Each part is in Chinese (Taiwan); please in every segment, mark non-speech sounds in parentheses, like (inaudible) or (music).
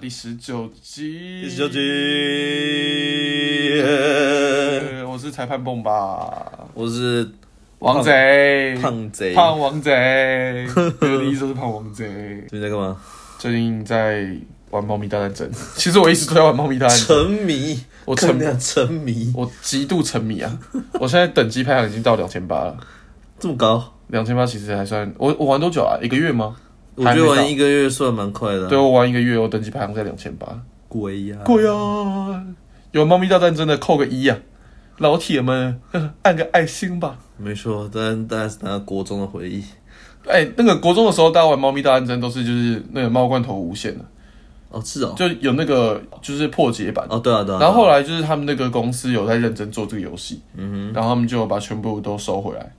第十九集，第十九集，我是裁判蹦巴，我是王賊賊胖賊賊胖王賊，我的意思是胖王賊。呵呵，最近在幹嘛？最近在玩貓咪大戰爭，其實我一直都在玩貓咪大戰爭， (laughs) 沉迷，我沉沉迷，我極度沉迷啊！ (laughs) 我現在等級排行已經到兩千八了，這麼高？兩千八其實還算我，我玩多久啊？一個月嗎？我覺得玩一個月算蠻快的啊。對，我玩一個月，我等級排行在兩千八。鬼呀！鬼呀，有貓咪大戰爭的扣個一啊！老鐵們按個愛心吧。沒錯，但家大家是拿國中的回憶。哎，那個國中的時候，大家玩貓咪大戰爭都是就是那個貓罐頭無限的。哦，是哦，就有那個就是破解版。哦，對啊，對啊。然後後來就是他們那個公司有在認真做這個遊戲，嗯哼，然後他們就把全部都收回來。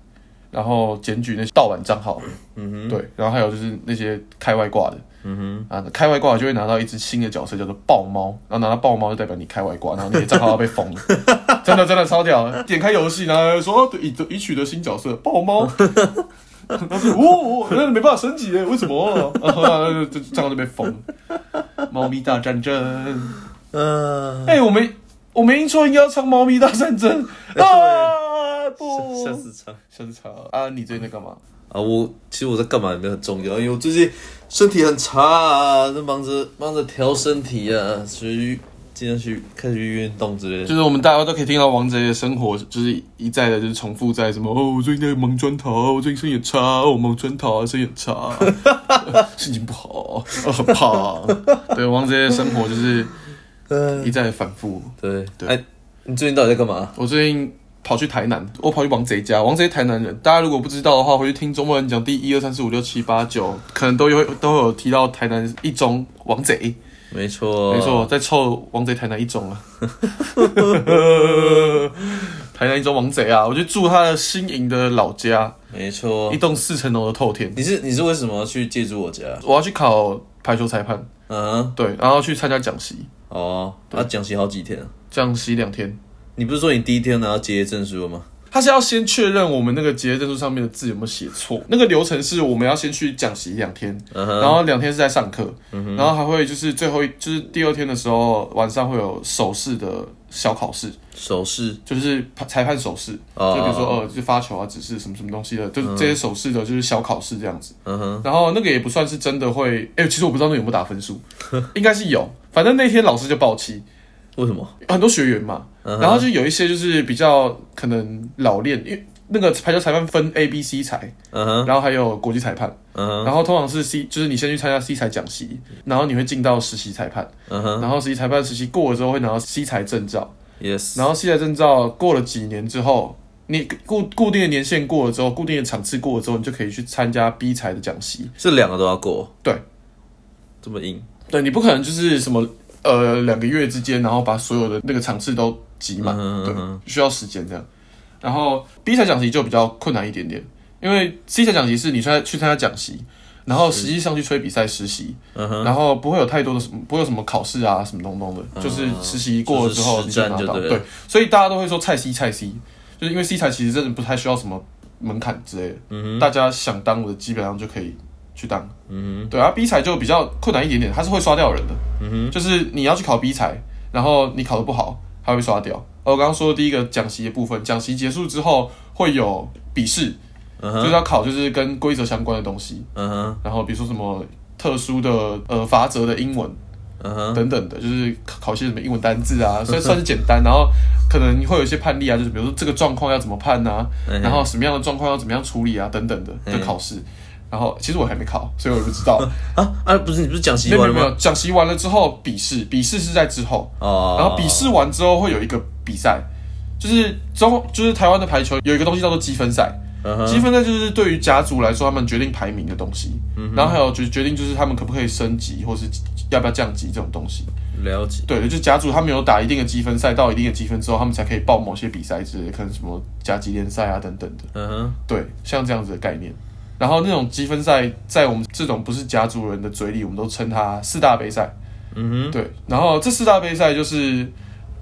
然後檢舉那些盜版賬號，嗯哼，對，然後還有就是那些開外掛的，嗯哼，啊，開外掛就會拿到一只新的角色，叫做暴貓，然後拿到暴貓就代表你開外掛，然後那些賬號要被封了，真的真的超屌！點開遊戲，然後說已、啊、已取得新角色暴貓，他說哦、可、哦、是、哦、沒辦法升級哎，為什麼、啊？賬、啊、號、啊、就被封了。貓咪大戰爭，嗯，哎，我沒我沒聽錯，應該要唱《貓咪大戰爭》哎下次差，下次差啊！你最近在幹嘛啊？我其實我在幹嘛也沒很重要，因為我最近身體很差，啊，正忙着忙着調身體啊，所以經常去，去開始運動之類的。就是我們大家都可以聽到王賊的生活，就是一再的，就是重複在什麼哦，我最近在忙磚頭，我最近身體差，哦，忙磚頭，身很差，心 (laughs) (laughs) 情不好，我很怕。 (laughs) 對，王賊的生活就是一再的反覆、呃。對對，哎，啊，你最近到底在幹嘛？我最近。跑去台南，我跑去王賊家，王賊台南人。大家如果不知道的話，回去聽周末人講第一二三四五六七八九，可能都有都有提到台南一中王賊，沒錯錯，沒錯，再湊王賊台南一中啊，呵呵呵呵台南一中王賊啊，我就住他的新營的老家，沒錯錯，一棟四層樓的透天。你是你是為什麼要去借住我家？我要去考排球裁判，嗯，對，然後去參加講習。哦，那講習好幾天啊？講習兩天。你不是說你第一天拿到結業證書了嗎？他是要先確認我們那個結業證書上面的字有沒有寫錯。那個流程是我們要先去講習一兩天，然後兩天是在上課，然後還會就是最後一就是第二天的時候晚上會有手勢的小考試。手勢就是裁判手勢，就比如說呃就是發球啊指示什麼什麼東西的，就是這些手勢的就是小考試這樣子。然後那個也不算是真的會，哎，其實我不知道那有沒有打分數，應該是有，反正那天老師就爆氣。為什麼很多學員嘛，uh huh. 然後就有一些就是比較可能老練，因為那個排球裁判分 A、B、uh、C 裁，然後還有國際裁判，uh huh. 然後通常是 C，就是你先去參加 C 裁講習，然後你會進到實習裁判，uh huh. 然後實習裁判實習過了之後會拿到 C 裁證照，yes，然後 C 裁證照過了幾年之後，你固固定的年限過了之後，固定的場次過了之後，你就可以去參加 B 裁的講習，這兩個都要過，對，這麼硬，對，你不可能就是什麼。呃，兩個月之間，然後把所有的那個場次都擠滿，嗯哼嗯哼，對，需要時間這樣。然後 B 裁講習就比較困難一點點，因為 C 裁講習是你去參加講習，然後實際上去吹比賽實習，是然後不會有太多的什麼，不會有什麼考試啊什麼東東的，嗯、哼就是實習過了之後你再拿到。對，所以大家都會說菜 C 菜 C，就是因為 C 裁其實真的不太需要什麼門檻之類的，嗯、哼大家想當的基本上就可以。去當，嗯哼對啊，B 材就比較困難一點點，它是會刷掉人的，嗯哼，就是你要去考 B 材，然後你考得不好，它會刷掉。呃，我剛剛說的第一個講習的部分，講習結束之後會有筆試，嗯哼、uh，huh. 就是要考就是跟規則相關的東西，嗯哼、uh，huh. 然後比如說什麼特殊的呃罰則的英文，嗯哼、uh，huh. 等等的，就是考些什麼英文單字啊，所以算是簡單， (laughs) 然後可能會有一些判例啊，就是比如說這個狀況要怎麼判啊，嘿嘿然後什麼樣的狀況要怎麼樣處理啊，等等的的嘿考試。然後其實我還沒考，所以我也不知道啊 (laughs) 啊！不是你不是講習沒有沒有，講習完了之後筆試，筆試是在之後哦。Oh. 然後筆試完之後會有一個比賽，就是中就是台灣的排球有一個東西叫做積分賽，uh huh. 積分賽就是對於甲組來說，他們決定排名的東西。Uh huh. 然後還有決決定就是他們可不可以升級，或是要不要降級這種東西。了解。Uh huh. 對，就是、甲組他們有打一定的積分賽，到一定的積分之後，他們才可以報某些比賽之類的，可能什麼甲級聯賽啊等等的。嗯。Uh huh. 對，像這樣子的概念。然後那種積分賽，在我們這種不是家族人的嘴裡，我們都稱它，四大杯賽。嗯哼，對。然後這四大杯賽就是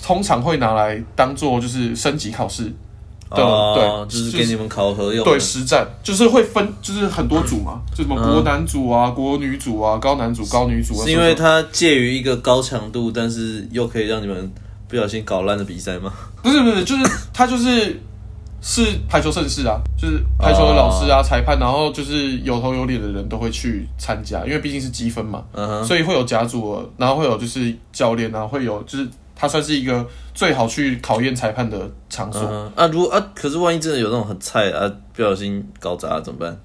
通常會拿來當做就是，升級考試對。對，哦、對就是、就是、給你們考核用。對，實戰就是會分，就是很多組嘛，就什麼國男組啊、嗯、國女組啊、高男組、是高女組、啊。是因為它介於一個高強度，但是又可以讓你們不小心搞爛的比賽嗎？不是不是，就是它就是。是排球盛事啊，就是排球的老師啊、oh. 裁判，然後就是有頭有臉的人都會去參加，因為畢竟是積分嘛，uh huh. 所以會有甲組，然後會有就是教練，啊，會有就是他算是一個最好去考驗裁判的場所、uh huh. 啊。如果啊，可是萬一真的有那種很菜啊，不小心搞砸、啊、怎麼辦？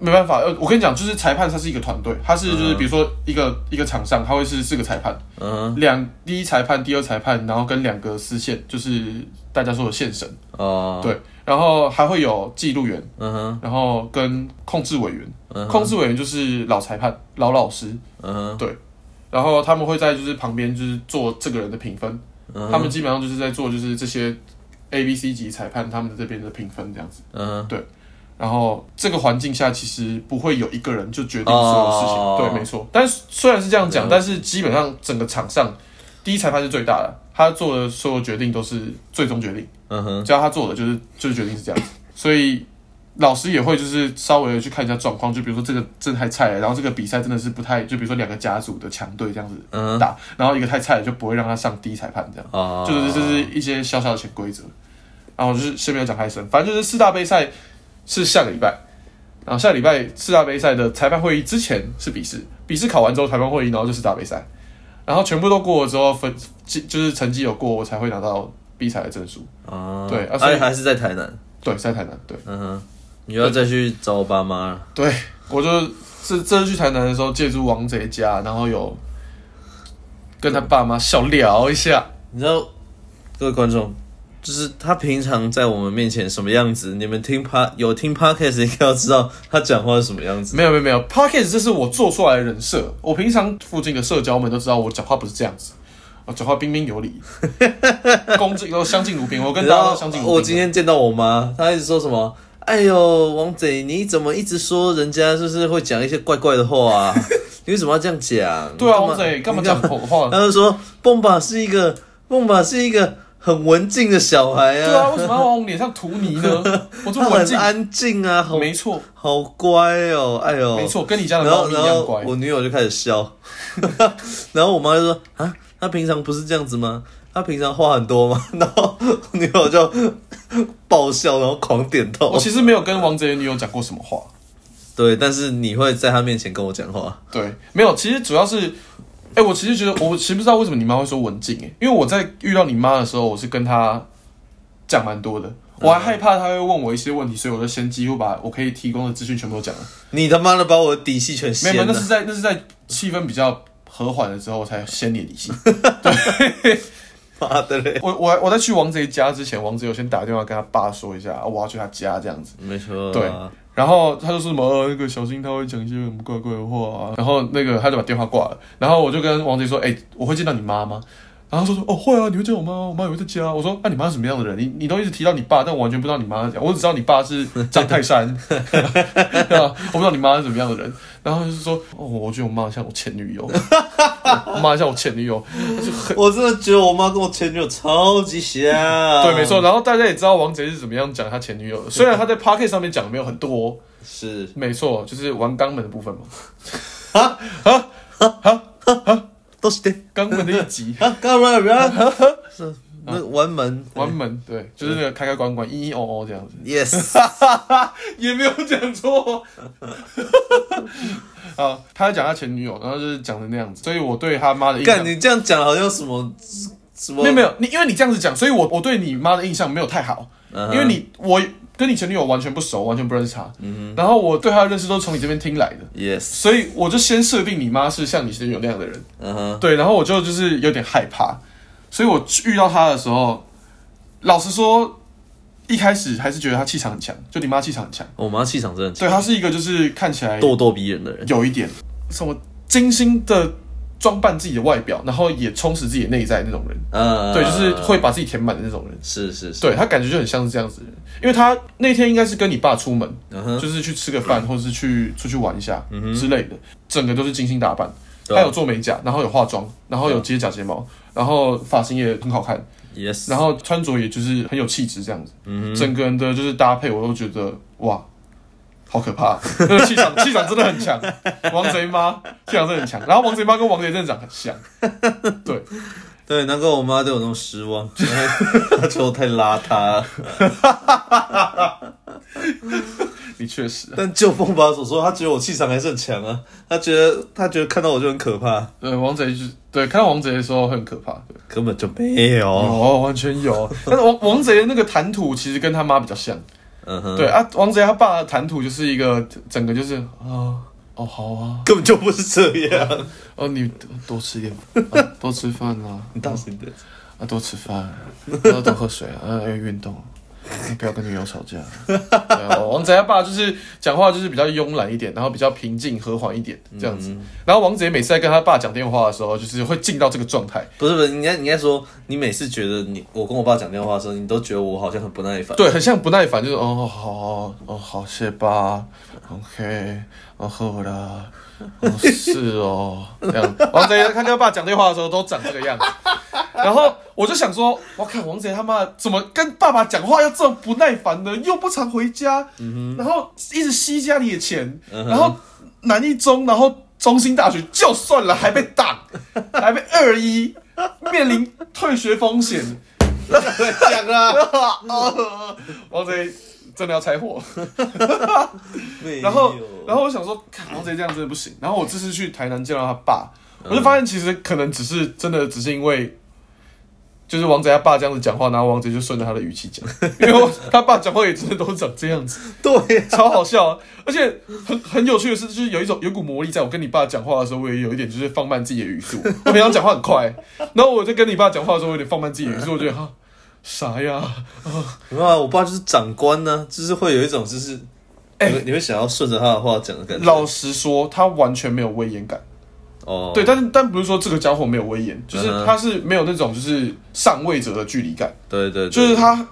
沒辦法，我跟你講，就是裁判他是一個團隊，他是就是比如說一個、uh huh. 一個場上他會是四個裁判，嗯、uh，兩、huh. 第一裁判、第二裁判，然後跟兩個司線就是。大家說的線審，哦，oh. 對，然後還會有記錄員，嗯哼、uh，huh. 然後跟控制委員，uh huh. 控制委員就是老裁判、老老師，嗯、uh，huh. 對，然後他們會在就是旁邊就是做這個人的評分，uh huh. 他們基本上就是在做就是這些 A、B、C 級裁判他們這邊的評分這樣子，嗯、uh，huh. 對，然後這個環境下其實不會有一個人就決定所有事情，oh. 對，沒錯，但是雖然是這樣講，uh huh. 但是基本上整個場上第一裁判是最大的。他做的所有決定都是最終決定，嗯哼，只要他做的就是就是決定是這樣，所以老師也會就是稍微的去看一下狀況，就比如說這個真的太菜了，然後這個比賽真的是不太，就比如說，兩個家族的強隊這樣子打，嗯、哼然後一個太菜了就不會讓他上第一裁判這樣，啊、嗯哼，就，就是就是一些小小的潛規則，然後就是順便要講開聲，反正就是四大杯賽是下個禮拜，然後下禮拜四大杯賽的裁判會議之前是筆試，筆試考完之後裁判會議，然後就四大杯賽。然後全部都過了之後分，就是成績有過我才會拿到 B 才的證書。啊，對，而、啊、且、啊、還是在台南，對，在台南，對。嗯哼，你又要再去找我爸媽，對，我就這這次去台南的時候，借住王賊家， (laughs) 然後有跟他爸媽小聊一下。你知道，各位觀眾。就是他平常在我們面前什麼樣子？你們聽帕有聽 podcast 應該要知道他講話是什麼樣子。沒有沒有沒有 podcast，這是我做出來的人設。我平常附近的社交們都知道我講話不是這樣子，我講話彬彬有禮，恭敬都相敬如賓。我跟大家相敬如賓。我今天見到我媽，她一直說什麼？哎呦，王賊你怎麼一直說人家就是會講一些怪怪的話啊？ (laughs) 你為什麼要這樣講？對啊，你王賊幹嘛講醜話？他就說，蹦巴是一個蹦巴是一個。蹦很文靜的小孩啊！對啊，為什麼要往我臉上塗泥呢？他很安靜啊，好沒錯錯，好乖哦，哎呦，沒錯，跟你家的貓一樣乖。然後，然後 (laughs) 我女友就開始笑， (laughs) 然後我媽就說：“啊，她平常不是這樣子嗎？她平常話很多嗎？”然後女友就爆笑，然後狂點頭。我其實沒有跟王賊女友講過什麼話，對，但是你會在他面前跟我講話，對，沒有，其實主要是。哎、欸，我其實覺得，我其實不知道為什麼你媽會說文靜哎、欸，因為我在遇到你媽的時候，我是跟她講蠻多的，我還害怕她會問我一些問題，所以我就先幾乎把我可以提供的資訊全部都講了。你他媽的把我的底細全沒有，那是在那是在氣氛，比較和緩的時候才掀你底細。對，媽的嘞！我我我在去王賊家之前，王賊有先打電話跟他爸說一下，啊、我要去他家這樣子。沒錯，對。然後他就說什麼、哦、那個小心他會講一些什麼怪怪的話、啊，然後那個他就把電話掛了。然後我就跟王賊說：“哎，我會見到你媽嗎？然後說說哦，會啊，你會見我媽？我媽也會在家。我說啊，你媽是什麼樣的人？你你都一直提到你爸，但我完全不知道你媽是怎樣。我只知道你爸是張泰山，我 (laughs) (laughs) (laughs) 不知道你媽是怎麼樣的人。然後就是說哦，我覺得我媽像我前女友， (laughs) 我，我媽像我前女友，我真的覺得我媽跟我前女友超級像。 (laughs) 對，沒錯。然後大家也知道王賊是怎麼樣講他前女友的，雖然他在 Podcast 上面講沒有很多，是沒錯，就是玩肛門的部分嘛。哈哈哈哈哈都是的，肛門的一集，剛門不要，是那玩門，玩、欸、門，對，就是那個開開關關，一咿對哦哦這樣子，yes， (laughs) 也沒有講錯，啊， (laughs) 他講他前女友，然後就是講的那樣子，所以我對他媽的印象，幹，你這樣講好像什麼什麼，沒有沒有，你因為你這樣子講，所以我我對你媽的印象沒有太好，uh huh. 因為你我。跟你前女友完全不熟，完全不認識他。嗯哼，然後我對他的認識都是從你這邊聽來的。Yes，所以我就先設定你媽是像你前女友那樣的人。嗯哼、uh，huh. 對，然後我就就是有點害怕，所以我遇到她的時候，老實說，一開始還是覺得她氣場很強，就你媽氣場很強。我媽氣場真的強，對，她是一個就是看起來咄咄逼人的人，有一點什麼精心的。裝扮自己的外表，然後也充實自己的內在的那種人，嗯，uh, 對，就是會把自己填滿的那種人，是是是，對他感覺就很像是這樣子的人，因為他那天應該是跟你爸出門，uh huh. 就是去吃個飯，或者是去出去玩一下之類的，整個都是精心打扮，他、uh huh. 有做美甲，然後有化妝，然後有接假睫毛，然後髮型也很好看、uh huh. 然後穿着也就是很有氣質這樣子，uh huh. 整個人的就是搭配我都覺得哇。好可怕！那個氣場、氣 (laughs) 場真的很強，王賊媽氣場真的很強。然後王賊媽跟王賊真的長很像，對對，難怪我媽對我那種失望，覺得我太邋遢。 (laughs) 你確實，但就風把所說，他覺得我氣場還是很強啊。他覺得他覺得看到我就很可怕。對，王賊對，看到王賊的時候很可怕，對根本就沒有、欸哦嗯，哦，完全有。 (laughs) 但是王王賊的那個談吐其實跟他媽比較像。嗯哼，uh huh。對啊，王賊他爸的談吐就是一個整個就是啊，哦好啊，根本就不是這樣哦，啊啊，你多吃點，多吃飯啦，你當心點啊，多吃飯，要多喝水，啊，要運動。 (laughs) 不要跟女友吵架啊，對啊。王賊他爸就是講話就是比較慵懶一點，然後比較平靜和緩一點這樣子。嗯嗯，然後王賊也每次在跟他爸講電話的時候，就是會進到這個狀態。不是不是，你應該應該說，你每次覺得你我跟我爸講電話的時候，你都覺得我好像很不耐煩。對，很像不耐煩，就是哦好哦好，謝謝爸，OK，然後呢？哦是哦， (laughs) 這樣王賊看跟爸爸講電話的時候都長這個樣子， (laughs) 然後我就想說，我看王賊他媽怎麼跟爸爸講話要這麼不耐煩呢？又不常回家，嗯、哼然後一直吸家裡的錢，嗯、哼然後南一中，然後中興大學就算了，還被擋，還被二一 (laughs) 面臨退學風險，講啊，王真的要拆夥哈。 (laughs) (laughs) 然後，然後我想說，王賊這樣真的不行。然後我這次去台南見到他爸，我就發現其實可能只是真的只是因為，就是王賊他爸這樣子講話，然後王賊就順着他的語氣講，因為他爸講話也真的都長這樣子，對、啊，超好笑、啊。而且很很有趣的是，就是有一種有股魔力，在我跟你爸講話的時候，我也有一點就是放慢自己的語速。 (laughs) 我平常講話很快，然後我在跟你爸講話的時候，我有點放慢自己的語速， (laughs) 我覺得哈。啥呀？ (laughs) 啊，我爸就是長官呢、啊，就是會有一種就是，欸，你會想要順着他的話講的感覺。老實說，他完全沒有威嚴感。哦，對，但但不是說這個家伙沒有威嚴，就是他是沒有那種就是上位者的距離感。對對，嗯哼，就是他，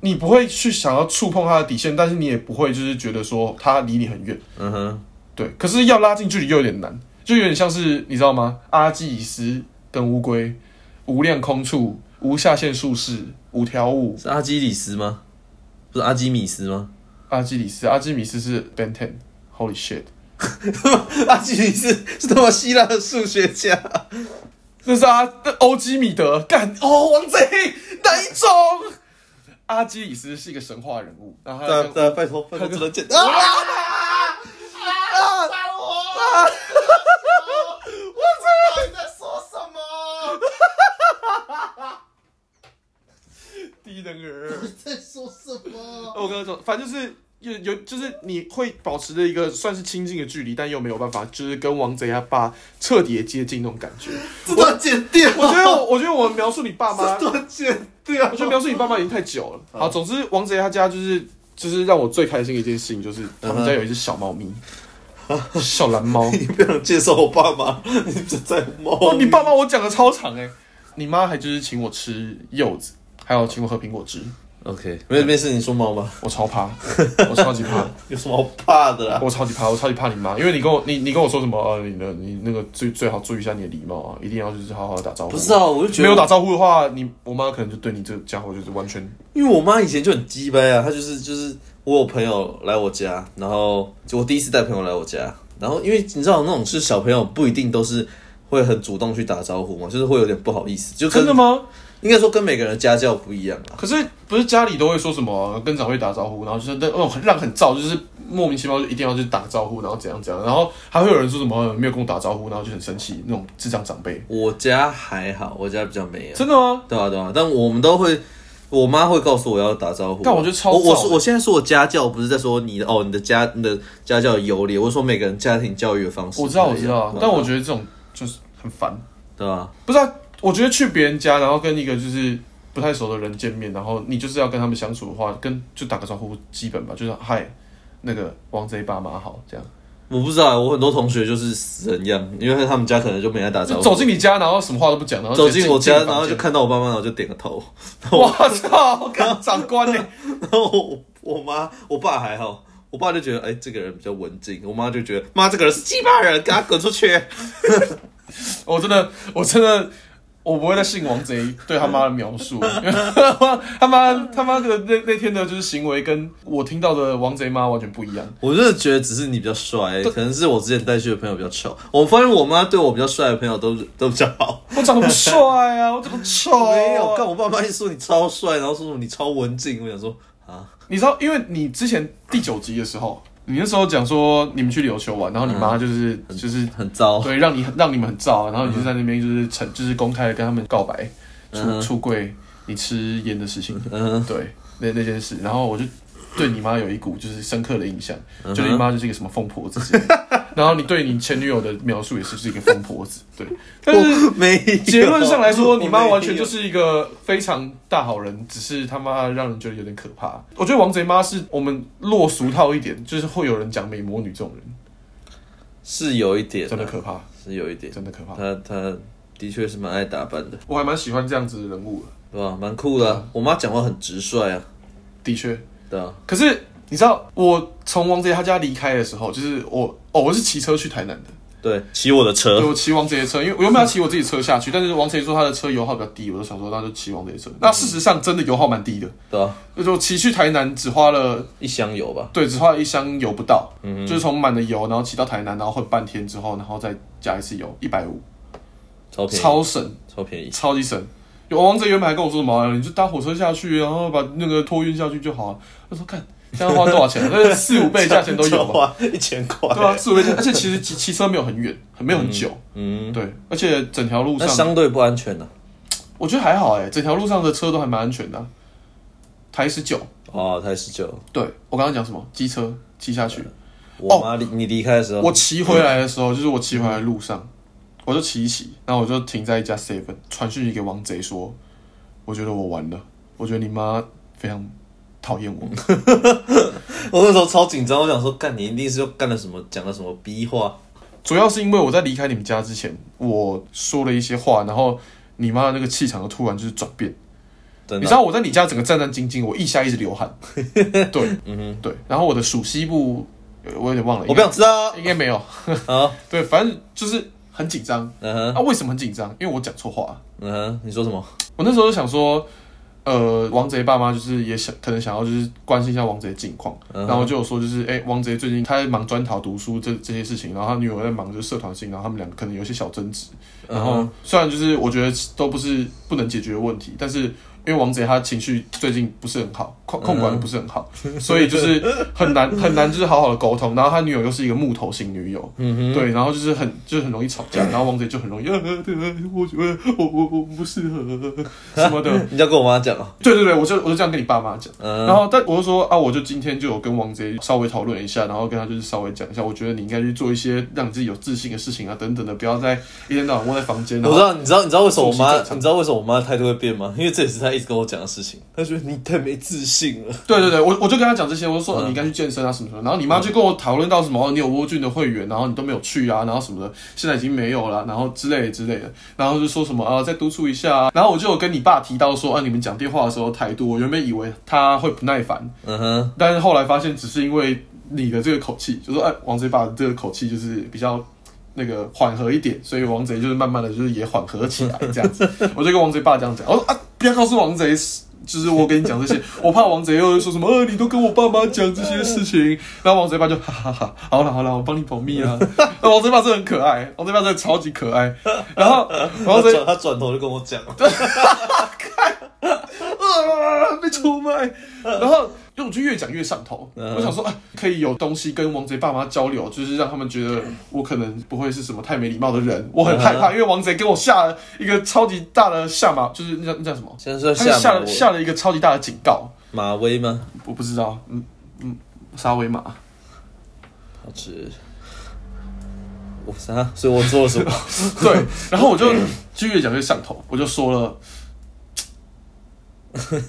你不會去想要觸碰他的底線，但是你也不會就是覺得說他離你很遠。嗯哼，對，可是要拉近距離又有點難，就有點像是你知道嗎？阿基里斯跟烏龜，無量空處。無下限術士五條悟是阿基里斯嗎？不是阿基米斯嗎？阿基里斯，阿基米斯是 Benton Holy shit！ (laughs) 阿基里斯是他媽希臘的數學家，這是阿歐基米德幹哦，王賊哪一種？ (laughs) 阿基里斯是一個神話人物，然託、啊啊，拜託，拜託，只能、啊啊你，兒，你在說什麼？我剛剛說，反正就是有有，就是你會保持着一個算是親近的距離，但又沒有辦法，就是跟王賊他爸徹底接近那種感覺。這段剪掉。我，我覺得我覺得我描述你爸媽這段剪掉。我，我覺得描述你爸媽已經太久了。啊、好，總之王賊他家就是就是讓我最開心的一件事情就是他們家有一只小貓咪，啊、小藍貓。你不要介紹我爸媽？你在貓？你爸媽我講的超長哎、欸。你媽還就是請我吃柚子。還有請我喝蘋果汁，OK、嗯。沒沒事，你說貓嗎？我超怕，我超級怕。 (laughs) 有什麼好怕的啊？我超級怕，我超級怕你媽，因為你跟我你你跟我說什麼啊？你那你那個最最好注意一下你的禮貌啊！一定要就是好好打招呼。不是啊、哦，我就覺得沒有打招呼的話，你我媽可能就對你這家伙就是完全……因為我媽以前就很雞掰啊，她就是就是我有朋友來我家，然後就我第一次帶朋友來我家，然後因為你知道那種是小朋友不一定都是會很主動去打招呼嘛，就是會有點不好意思，就是真的嗎？應該說跟每個人的家教不一樣。可是不是家裡都會說什麼、啊、跟長輩打招呼，然後就是哦、呃、讓很燥，就是莫名其妙就一定要去打個招呼，然後怎樣怎樣，然後還會有人說什麼，沒有跟我打招呼，然後就很生氣，那種智障長輩。我家還好，我家比較沒有。真的嗎？對啊對啊，但我們都會，我媽會告訴我要打招呼。但、欸、我覺得超。我我我現在說我家教不是在說你的哦，你的家，你的家教有禮，我說每個人家庭教育的方式。我知道我知道，啊、但我覺得這種就是很煩，對吧、啊？對啊、不知道、啊。我覺得去別人家，然後跟一個就是不太熟的人見面，然後你就是要跟他們相處的話，跟就打個招呼基本吧，就是嗨，那個王賊爸媽好這樣。我不知道，我很多同學就是死人一樣，因為他們家可能就沒人打招呼。走進你家，然後什麼話都不講，然後進走進我家，然後就看到我爸媽，然後就點個頭。我操，我看到長官嘞！ (laughs) 然後我，我媽、我爸還好，我爸就覺得哎、欸，這個人比較文靜，我媽就覺得媽這個人是雞巴人，給他滾出去！ (laughs) 我真的，我真的。我不會再信王賊對他媽的描述，他媽他媽的那那天的就是行為跟我聽到的王賊媽完全不一樣。我真的覺得只是你比較帥、欸，對可能是我之前帶去的朋友比較醜。我發現我媽對我比較帥的朋友都都比較好。我長得不帥啊，我長得醜、啊。 (laughs) 沒有，但我爸媽一直說你超帥，然後說什麼你超文靜。我想說啊，你知道，因為你之前第九集的時候。你那時候講說你們去琉球玩，然後你媽就是、嗯、就是很糟，很燥，對，讓你讓你們很燥，然後你就在那邊就是成，就是公開跟他們告白，出、嗯、出櫃，你吃煙的事情，嗯、對，那那件事，然後我就。對你媽有一股就是深刻的印象，uh huh. 就你媽就是一個什麼瘋婆子， (laughs) 然後你對你前女友的描述也是不是一個瘋婆子，對。但是，沒有結論上來說，有你媽完全就是一個非常大好人，只是他媽讓人覺得有點可怕。我覺得王賊媽是我們落俗套一點，就是會有人講美魔女這種人，是有，啊，是有一點，真的可怕，是有一點，真的可怕。她她的確是蠻愛打扮的，我還蠻喜歡這樣子的人物的，對吧？蠻酷的、啊。我媽講話很直率啊，的確。對、啊，可是你知道我從王賊他家離開的時候，就是我哦，我是騎車去台南的。對，騎我的車，有騎王賊的車，因為我原本要騎我自己車下去，但是王賊說他的車油耗比較低，我就想說那就騎王賊的車。那事實上真的油耗蠻低的，對、啊，就我騎去台南只花了一箱油吧？對，只花了一箱油不到，嗯哼，就是從滿的油，然後騎到台南，然後混半天之後，然後再加一次油，一百五，超超省，超便宜，超級省。有王賊原本還跟我說什麼、啊？你就搭火車下去，然後把那個托運下去就好了。他說：“看現在花多少錢，四五倍價錢都有吧。”一千塊，對啊，四五倍價錢。而且其實騎騎車沒有很遠，很沒有很久。嗯，嗯對。而且整條路上相對不安全呢、啊。我覺得還好誒、欸、整條路上的車都還蠻安全的、啊。台十九哦，台十九。對，我剛剛講什麼？機車騎下去。我離哦，你你離開的時候，我騎回來的時候，就是我騎回來的路上。嗯我就騎一騎，那我就停在一家 Seven，傳訊息給王賊說：“我覺得我完了，我覺得你媽非常討厭我。” (laughs) 我那時候超緊張，我想說幹你一定是又幹了什麼，講了什麼逼話。主要是因為我在離開你們家之前，我說了一些話，然後你媽那個氣場就突然就是轉變。啊、你知道我在你家整個戰戰兢兢，我腋下一直流汗。 (laughs) 對，嗯哼，對。然後我的屬西部，我有點忘了。我不想知道。應該沒有。啊 (laughs) 好，對，反正就是。很緊張，嗯哼、uh，huh. 啊、為什麼很緊張？因為我講錯話、啊，嗯哼、uh，huh. 你說什麼？我那時候就想說，呃，王賊爸媽就是也想，可能想要就是關心一下王賊的近況，uh huh. 然後就有說就是，哎、欸，王賊最近他在忙專討讀書這這些事情，然後他女友在忙就社團性，然後他們兩個可能有些小爭執，uh huh. 然後雖然就是我覺得都不是不能解決的問題，但是。因為王賊他情緒最近不是很好，控控管的不是很好，所以就是很難很難，就是好好的溝通。然後他女友又是一個木頭型女友，對，然後就是很就是很容易吵架，然後王賊就很容易，對，我覺得我我我不適合什麼的。你要跟我媽講啊？對對對，我就我就這樣跟你爸媽講。然後但我就說啊，我就今天就有跟王賊稍微討論一下，然後跟他就是稍微講一下，我覺得你應該去做一些讓你自己有自信的事情啊，等等的，不要再一天到晚窩在房間。我知道，你知道你知道為什麼我媽你知道為什麼我媽態度會變嗎？因為這也是她。跟我講的事情，他覺得你太沒自信了。對對對，我我就跟他講這些，我就說、嗯、你該去健身啊什麼什麼。然後你媽就跟我討論到什麼，啊、你有窩俊的會員，然後你都沒有去啊，然後什麼的，現在已經沒有了，啊，然後之類之類的。然後就說什麼啊，再督促一下啊。然後我就有跟你爸提到說，啊，你們講電話的時候態度，多。我原本以為他會不耐煩，嗯哼。但是後來發現，只是因為你的這個口氣，就說哎、啊，王賊爸這個口氣就是比較。那個緩和一點，所以王賊就是慢慢的，就是也緩和起來這樣子。 (laughs) 我就跟王賊爸這樣講，我說啊，不要告訴王賊。就是我跟你講這些，我怕王賊又會說什麼？呃、欸，你都跟我爸媽講這些事情，然後王賊爸就哈哈哈，好了好了，我幫你保密啊。王賊爸真的很可愛，王賊爸真的超級可愛。然後王賊，然後他轉頭就跟我講，哈哈哈， (laughs) 看，呃、啊，被出賣。然後，因為我就越講越上頭，嗯、我想說啊，可以有東西跟王賊爸媽交流，就是讓他們覺得我可能不會是什麼太沒禮貌的人。我很害怕，嗯、因為王賊給我下了一個超級大的下馬，就是那叫那叫什麼？先說下馬、馬。發了一個超級大的警告，馬威嗎？我不知道，嗯嗯，沙威馬，好吃，我啥？所以我做了什麼？ (laughs) 對，然後我就就越講越上頭，我就說了，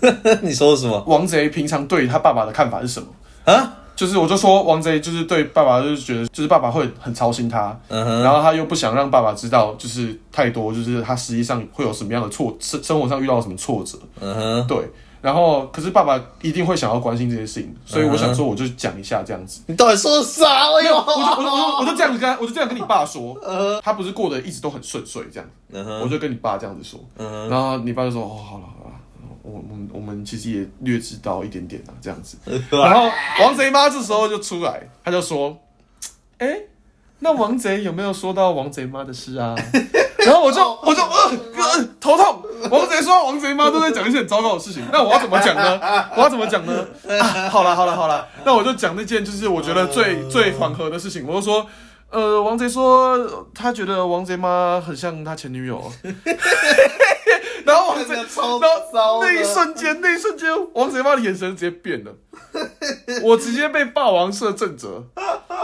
(laughs) 你說了什麼？王賊平常對他爸爸的看法是什麼？啊？就是，我就說王賊就是對爸爸就是覺得就是爸爸會很操心他，uh huh. 然後他又不想讓爸爸知道就是太多，就是他實際上會有什麼樣的挫生生活上遇到什麼挫折，嗯哼、uh，huh. 對，然後可是爸爸一定會想要關心這些事情，所以我想說我就講一下這樣子，你到底說啥？我就我就我就我就這樣子跟我就這樣跟你爸說，他不是過得一直都很順遂這樣，uh huh. 我就跟你爸這樣子說，嗯、uh，huh. 然後你爸就說哦好了。好了我我我們其實也略知道一點點啊，這樣子。然後王賊媽這時候就出來，他就說、欸：“哎，那王賊有沒有說到王賊媽的事啊？”然後我就我就呃，呃頭痛。王賊說王賊媽都在講一些很糟糕的事情，那我要怎麼講呢？我要怎麼講呢？啊、好了好了好了，好啦那我就講那件就是我覺得最、哦、最緩和的事情。我就說。呃，王賊說他覺得王賊媽很像他前女友，啊， (laughs) (laughs) 然後王賊，然後那一瞬間， (laughs) 那一瞬間，王賊媽的眼神直接變了，我直接被霸王色震懾。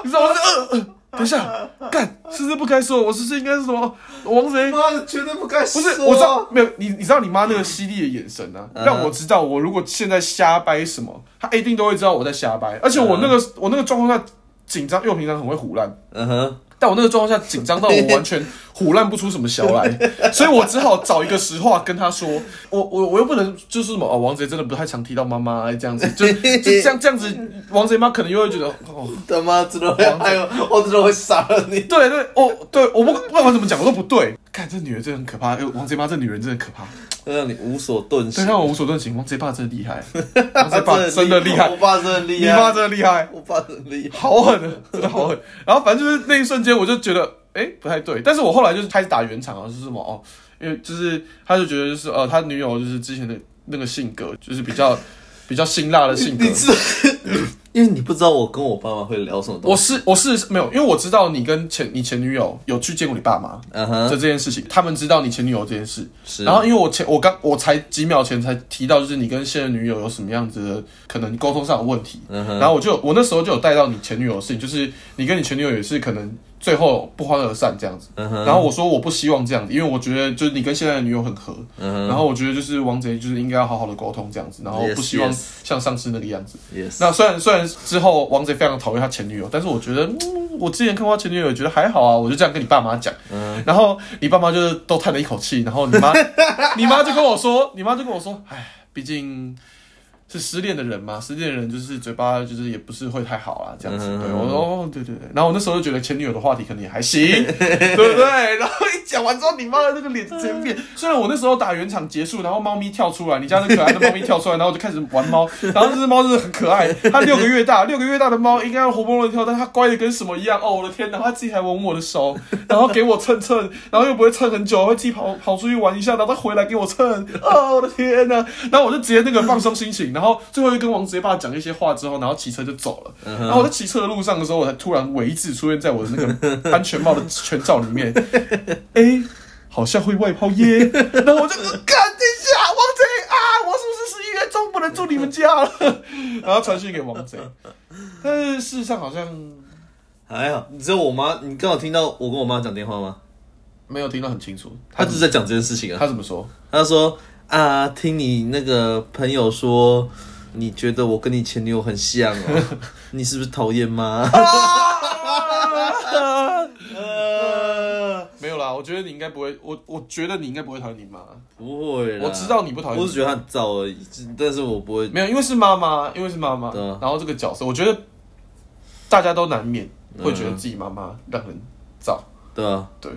你知道嗎？ (laughs) 呃呃，等一下，幹，是不是不該說？我是不是應該是什麼王賊？王賊媽絕對不該說，啊，不是，我知道，沒有你，你知道你媽那個犀利的眼神啊，讓我知道我如果現在瞎掰什麼，她一定都會知道我在瞎掰，而且我那個、嗯、我那個狀況下。緊張，因為我平常很會唬爛。嗯哼、uh。Huh. 但我那個狀況下緊張到我完全唬爛不出什麼笑來， (laughs) 所以我只好找一個實話跟他說。我我我又不能就是什麼哦，王賊真的不太常提到媽媽、啊、這樣子，就就像這，這樣子，王賊媽可能又會覺得，他媽知道呀， (laughs) 王呦子，我真的會殺了你。對對，我、oh, 對我不管不管怎麼講我都不對。看這女人真的很可怕，王賊媽這女人真的很可怕。讓你無所遁形。對，讓我無所遁形。我這爸真厲害，這爸真的厲害。我爸真厲害 (laughs) 我爸真的厲害，你爸真的厲害，我爸真的厲害，好狠啊，真的好狠。 (laughs) 然後反正就是那一瞬間，我就覺得，哎、欸，不太對。但是我後來就是開始打圓場啊，就是什麼哦？因為就是他就覺得就是呃，他女友就是之前的那個性格就是比較 (laughs) 比較辛辣的性格。 (coughs) 因為你不知道我跟我爸媽會聊什麼東西。我是我是沒有，因為我知道你跟前你前女友有去見過你爸媽，uh，嗯哼，就這件事情，他們知道你前女友這件事。是，然後因為我前我剛我才幾秒前才提到，就是你跟現任女友有什麼樣子的可能溝通上的問題。嗯哼，然後我就我那時候就有帶到你前女友的事情，就是你跟你前女友也是可能最後不歡而散這樣子。嗯哼，然後我說我不希望這樣子，因為我覺得就是你跟現在的女友很合。嗯哼，然後我覺得就是王賊就是應該要好好的溝通這樣子，然後不希望像上次那個樣子，uh。Yes，、huh、那。雖然雖然之後王賊非常討厭他前女友，但是我覺得我之前看過他前女友，也覺得還好啊。我就這樣跟你爸媽講，嗯、然後你爸媽就是都嘆了一口氣，然後你媽 (laughs) 你媽就跟我說，你媽就跟我說，哎，畢竟。是失戀的人嘛，失戀的人就是嘴巴就是也不是會太好啊這樣子，嗯、對，我說、哦，對對對，然後我那時候就覺得前女友的話題可能也還行， (laughs) 對不對？然後一講完之後，你媽的那個臉真變。 (laughs) 雖然我那時候打圓場結束，然後貓咪跳出來，你家那可愛的貓咪跳出來，然後我就開始玩貓。然後這只貓真的很可愛，它六個月大，六個月大的貓應該要活蹦亂跳，但它乖的跟什麼一樣。哦，我的天吶，它自己還聞我的手，然後給我蹭蹭，然後又不會蹭很久，會自己跑跑出去玩一下，然後再回來給我蹭。哦，我的天吶。然後我就直接那個放鬆心情，然後。然後最後又跟王賊爸講一些話之後，然後騎車就走了。嗯、哼然後我在騎車的路上的時候，我才突然維持出現在我的那個安全帽的全罩裡面。哎、 (laughs) 欸，好像會外拋耶。 (laughs) 然後我就趕緊下王賊啊，我是不是十一月中不能住你們家了？然後傳訊給王賊。但是事實上好像還好。你知道我媽，你剛好聽到我跟我媽講電話嗎？沒有聽到很清楚。她只是在講這件事情啊。她怎麼說？她說。啊！聽你那個朋友說，你覺得我跟你前女友很像哦，你是不是討厭媽？啊啊啊啊、沒有啦，我覺得你應該不會，我我覺得你應該不會討厭你媽，不會。我知道你不討厭，我是覺得她很燥而已，但是我不會。沒有，因為是媽媽，因為是媽媽，然後這個角色，我覺得大家都難免會覺得自己媽媽讓人燥。對啊、嗯，對。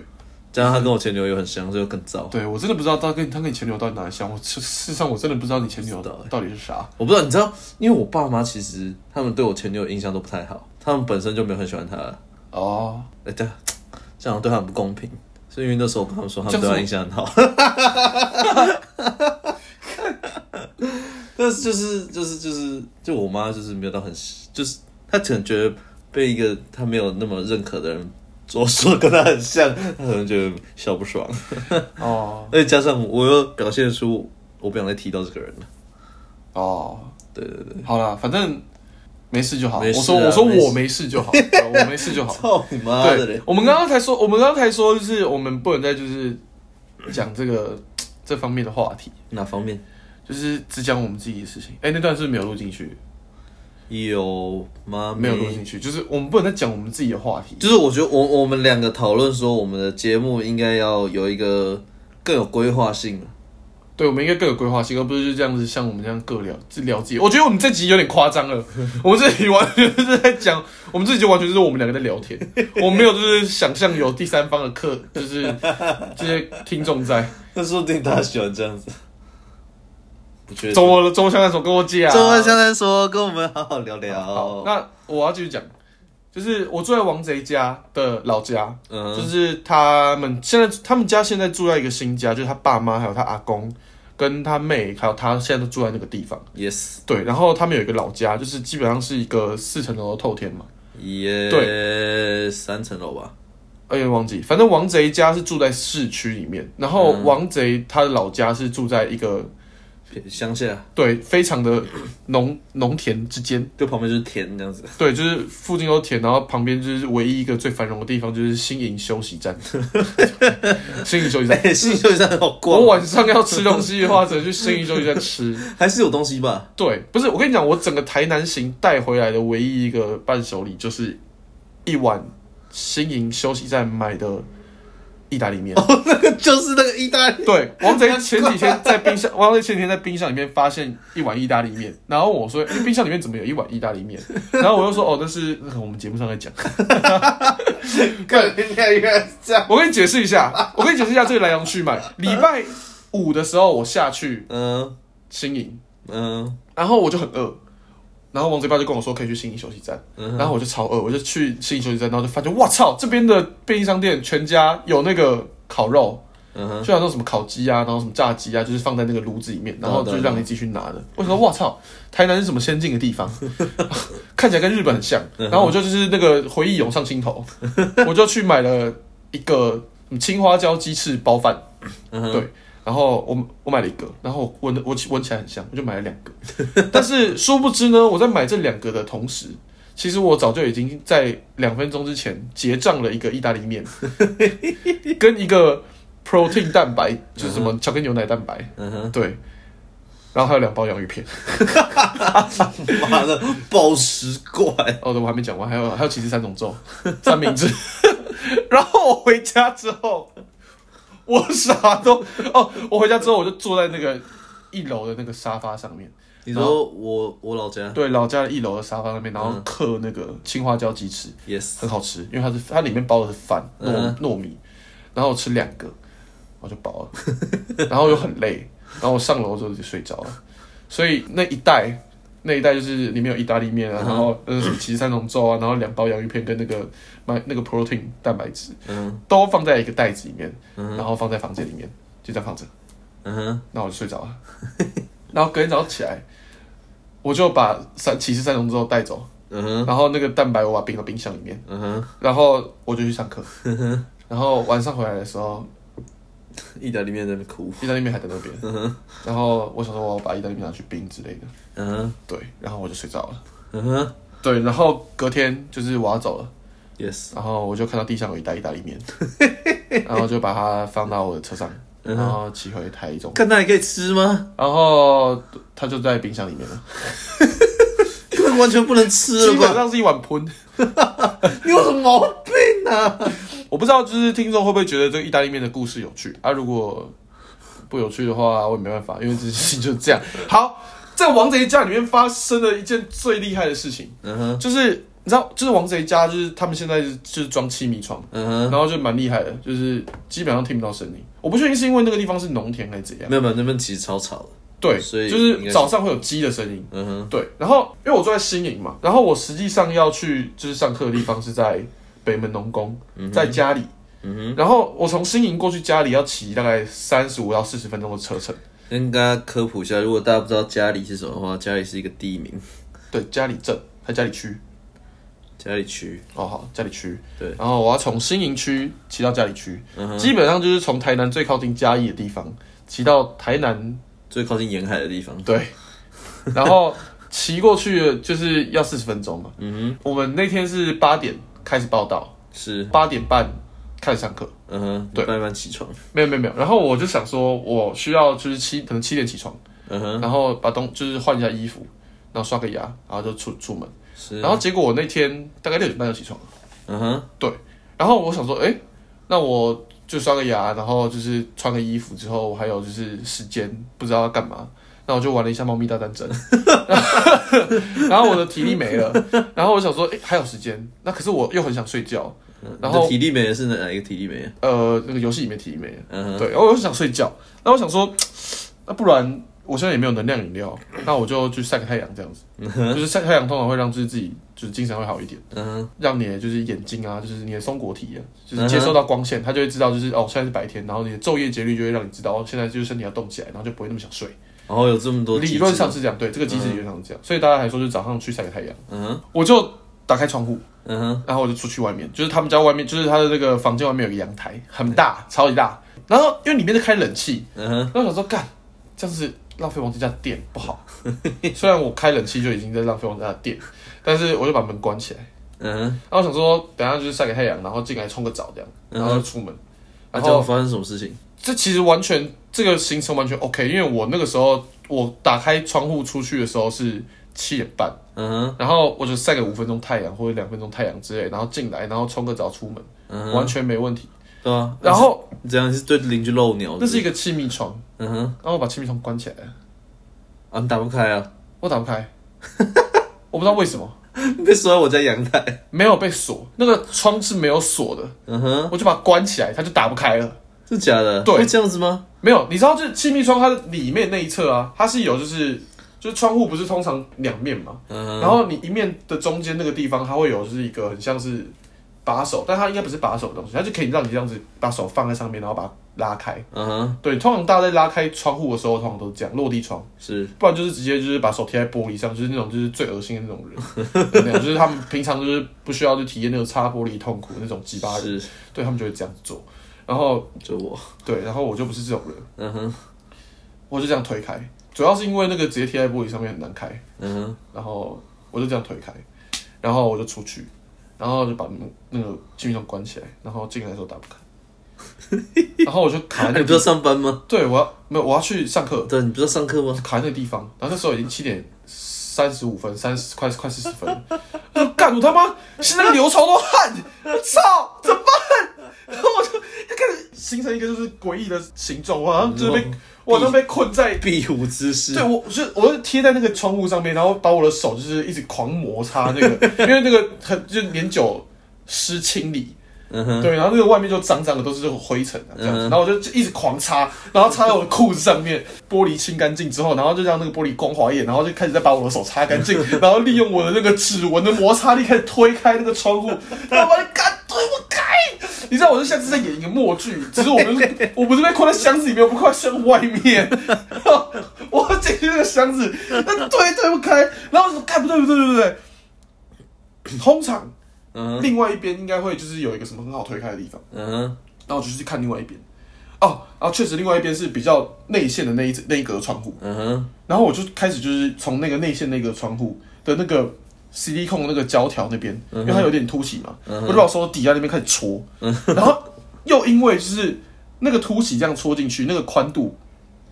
但是他跟我前女友很像，所以更糟。對，我真的不知道他跟他跟你前女友到底哪像。我事實上我真的不知道你前女友到底到底是啥、欸。我不知道，你知道，因為我爸媽其實他們對我前女友印象都不太好，他們本身就沒有很喜歡他了。哦、oh. 欸，哎，這樣對他很不公平，是因為那時候我跟他們說，他們對他印象很好。是 (laughs) (laughs) 但是就是就是就是，就我媽就是沒有到很，就是她可能覺得被一個她沒有那麼認可的人。我說跟他很像，他可能覺得笑不爽。哦， (laughs) oh. 而且加上我又表現出我不想再提到這個人了。哦，oh. 對對對，好了，反正沒事就好。我說我說我沒事就好， (laughs) 我沒事就好。操你媽的！對，我們剛剛才說，我們剛剛才說就是我們不能再就是講這個 (laughs) 這方面的話題。哪方面？就是只講我們自己的事情。哎、欸，那段是不是沒有錄進去？有嗎？Yo, 沒有錄進去，就是我們不能再講我們自己的話題。就是我覺得我我們兩個討論說，我們的節目應該要有一個更有規劃性。對，我們應該更有規劃性，而不是就這樣子像我們這樣各聊自聊自己。我覺得我們這集有點誇張了，我們這集完全就是在講，我們這集完全就是我們兩個在聊天，我沒有就是想象有第三方的客，就是這些聽眾在。那時候大家喜歡這樣子。走我，走我相走。向來說跟我講、啊，走我相，我向來說跟我們好好聊聊。好，好，那我要繼續講，就是我住在王賊家的老家，嗯，就是他們現在他們家現在住在一個新家，就是他爸媽還有他阿公跟他妹還有他現在都住在那個地方。Yes。對，然後他們有一個老家，就是基本上是一個四層樓的透天嘛。Yes。對，三層樓吧。哎呀、欸，忘記，反正王賊家是住在市區裡面，然後王賊他的老家是住在一個。鄉下，對，非常的農農田之間，就旁邊就是田這樣子，對，就是附近有田，然後旁邊就是唯一一個最繁榮的地方，就是新營休息站。 (laughs) (laughs) 新營休息站， (laughs) 新營休息站好逛啊。我晚上要吃東西的話，只能去新營休息站吃， (laughs) 還是有東西吧？對，不是，我跟你講，我整個台南行帶回來的唯一一個伴手禮，就是一碗新營休息站買的。意大利麵，哦，oh, 那個就是那個意大利。對，王賊前幾天在冰箱，王賊 (laughs) 前幾天在冰箱裡面發現一碗意大利麵，然後我說，冰箱裡面怎麼有一碗意大利麵？然後我又說，哦，那是、嗯、我們節目上在講。哈哈哈哈哈哈！我跟你解釋一下，我跟你解釋一下這個來龍去脈。禮拜五的時候我下去嗯，嗯，新營，嗯，然後我就很餓。然後王賊爸就跟我說，可以去新營休息站，嗯、哼然後我就超餓，我就去新營休息站，然後就發現哇操，這邊的便利商店全家有那個烤肉，嗯、哼就那什麼烤雞啊，然後什麼炸雞啊，就是放在那個爐子裡面，然後就是讓你繼續拿的。嗯、哼我說哇操，台南是什麼先進的地方？ (laughs) (laughs) 看起來跟日本很像。然後我就，就是那個回憶湧上心頭，嗯、哼我就去買了一個青花椒雞翅包飯，嗯、哼對。然後我我買了一個，然後聞我聞起來很香，我就買了兩個。但是殊不知呢，我在買這兩個的同時，其實我早就已經在兩分鐘之前結賬了一個意大利麵，跟一個 protein 蛋白，就是什麼巧克力牛奶蛋白，嗯嗯、對。然後還有兩包洋芋片。媽 (laughs) 的，暴食怪。哦，對，我還沒講完，還有還有其實三種粥三明治。 (laughs) 然後我回家之後。我啥都哦，我回家之後我就坐在那個一樓的那個沙發上面。你說我然後我老家？對，老家的一樓的沙發那邊，然後嗑那個青花椒雞翅，Yes，很好吃，因為它是它裡面包的是飯糯糯米，uh huh. 然後我吃兩個我就飽了，然後又很累， (laughs) 然後我上樓之後就睡着了，所以那一帶。那一袋就是裡面有意大利麵啊，uh huh. 然後呃，七十三種粥啊，然後兩包洋芋片跟那個買那個 protein 蛋白質，嗯、uh，huh. 都放在一個袋子裡面，uh huh. 然後放在房間裡面，就這樣放着，嗯、uh，那、huh. 我就睡着了， (laughs) 然後隔天早上起來，我就把三七十三種粥帶走，嗯哼、uh，huh. 然後那個蛋白我把冰到冰箱裡面，嗯哼、uh，huh. 然後我就去上課，uh huh. 然後晚上回來的時候。.意大利麵在那哭，意大利麵還在那邊。Uh huh. 然後我想說，我要把意大利麵拿去冰之類的。嗯、uh，huh. 對。然後我就睡着了。嗯哼、uh，huh. 對。然後隔天就是我要走了。Yes。然後我就看到地上有一袋意大利麵， (laughs) 然後就把它放到我的車上，uh huh. 然後騎回台中。看到你可以吃嗎？然後它就在冰箱裡面了。哈 (laughs) 完全不能吃了吧？基本上是一碗噴。 (laughs) 你有什麼毛病啊？我不知道，就是聽眾會不會覺得這個意大利麵的故事有趣啊？如果不有趣的話，我也沒辦法，因為這件事情就是這樣。好，在王賊家裡面發生了一件最厲害的事情，嗯哼，就是你知道，就是王賊家就是他們現在就是裝氣密窗，嗯哼，然後就蠻厲害的，就是基本上聽不到聲音。我不確定是因為那個地方是農田還是怎樣，沒有沒有，那邊其實超吵的，對，所以就是早上會有雞的聲音，嗯哼，對。然後因為我住在新營嘛，然後我實際上要去就是上課的地方是在。北門農工，嗯、哼在佳里，嗯、哼然後我從新營過去佳里要騎大概三十五到四十分鐘的車程。先跟大家科普一下，如果大家不知道佳里是什麼的話，佳里是一個地名，對，佳里鎮還是佳里區？佳里區哦，好，佳里區對。然後我要從新營區騎到佳里區，嗯、哼基本上就是從台南最靠近嘉義的地方騎到台南最靠近沿海的地方，對。然後騎過去就是要四十分鐘嘛，嗯哼，我們那天是八點開始報到，是八點半開始上課。嗯哼、uh，huh, 對，八點半起床，沒有沒有沒有。然後我就想說，我需要就是七，可能七點起床，嗯哼、uh，huh、然後把東就是換一下衣服，然後刷個牙，然後就出出門。是，然後結果我那天大概六點半就起床，嗯哼、uh，huh、對。然後我想說，哎、欸，那我就刷個牙，然後就是穿個衣服之後，我還有就是時間，不知道要幹嘛。那我就玩了一下貓咪大戰爭， (laughs) 然後我的體力沒了，然後我想說，哎、欸，還有時間，那可是我又很想睡覺。然後體力沒了是哪一個體力沒了？呃，那個遊戲裡面體力沒了。Uh huh. 對，我又想睡覺。那我想說，那不然我現在也沒有能量飲料，uh huh. 那我就去曬個太陽這樣子。Uh huh. 就是曬太陽通常會讓自己就是精神會好一點，嗯、uh，huh. 讓你的就是眼睛啊，就是你的松果體啊，就是接受到光線，它就會知道就是哦現在是白天，然後你的晝夜節律就會讓你知道哦現在就是身體要動起來，然後就不會那麼想睡。然後、哦，有這麼多，理論上是這樣，對，這個機制理論上這樣，嗯、哼所以大家還說就是早上去曬個太陽。嗯哼，我就打開窗戶，嗯哼，然後我就出去外面，就是他們家外面，就是他的那個房間外面有個陽台，很大，超級大。然後因為裡面在開冷氣，嗯哼，那我想說幹，這樣子浪費王賊家的電，不好。 (laughs) 雖然我開冷氣就已經在浪費王賊家的電，但是我就把門關起來，嗯哼，然後我想說等下就是曬個太陽，然後進來沖個澡這樣，然後就出門。嗯、哼然後、啊、發生什麼事情？這其實完全。這個行程完全 OK，因為我那個時候我打開窗戶出去的時候是七點半，嗯、uh，huh. 然後我就曬個五分鐘太陽或者兩分鐘太陽之類，然後進來，然後沖個澡出門，uh huh. 完全沒問題，對啊，然後這樣你是對鄰居露鳥是不是？這是一個氣密窗，嗯哼、uh，huh. 然後我把氣密窗關起來，啊，你打不開啊，我打不開， (laughs) 我不知道為什麼，你被鎖在陽台？沒有被鎖，那個窗是沒有鎖的，嗯哼、uh，huh. 我就把它關起來，它就打不開了。是假的，會對這樣子嗎？沒有，你知道，就是氣密窗，它的裡面那一側啊，它是有，就是，就是窗戶不是通常兩面嘛？嗯、uh。Huh. 然後你一面的中間那個地方，它會有就是一個很像是把手，但它應該不是把手的東西，它就可以讓你這樣子把手放在上面，然後把它拉開。嗯、uh。Huh. 對，通常大家在拉開窗戶的時候，通常都是這樣，落地窗是，不然就是直接就是把手貼在玻璃上，就是那種就是最噁心的那種人 (laughs) 有沒有，就是他們平常就是不需要去體驗那種擦玻璃痛苦那種雞巴人，是對他們就會這樣子做。然後就我對，然後我就不是這種人，嗯哼，我就這樣推開，主要是因為那個直接貼在玻璃上面很難開，嗯哼，然後我就這樣推開，然後我就出去，然後就把那個氣、那個、氣密窗關起來，然後進來的時候打不開， (laughs) 然後我就卡在，你不是上班嗎？對，我要，沒有，我要去上課，對你不是上課嗎？卡在那個地方，然後那時候已經七點三十五分，三十、快快四十分， (laughs) 我幹！我他媽現在流超多汗，我操， (laughs) 怎麼辦？然後我就開始形成一個就是詭異的形狀啊，我好像就被、嗯、我都被困在壁虎姿勢。對我是，就我就貼在那個窗戶上面，然後把我的手就是一直狂摩擦那個， (laughs) 因為那個很，就年久失清理。嗯哼，對，然後那個外面就髒髒的，都是這個灰塵啊，這樣子。嗯、哼然後我就一直狂擦，然後擦在我的褲子上面。玻璃清乾淨之後，然後就讓那個玻璃光滑一點，然後就開始再把我的手擦乾淨，然後利用我的那個指紋的摩擦力開始推開那個窗戶。然後把它幹推不開？你知道我就像是在演一個默劇，只是我們是 (laughs) 我不是被困在箱子裡面，我們快向外面， (laughs) 我要進去那個箱子，那推推不開。然後我說：“看，不對不對不對不對，通場。”另外一邊應該會就是有一個什麼很好推開的地方，嗯哼，然後我就去看另外一邊，哦，然後確實另外一邊是比較內線的那一那一格的窗戶，嗯哼，然後我就開始就是從那個內線的那個窗戶的那個矽利康那個膠條那邊，嗯、哼因為它有點凸起嘛，嗯、哼我就把手底下那邊開始戳，嗯、哼然後又因為就是那個凸起這樣戳進去，那個寬度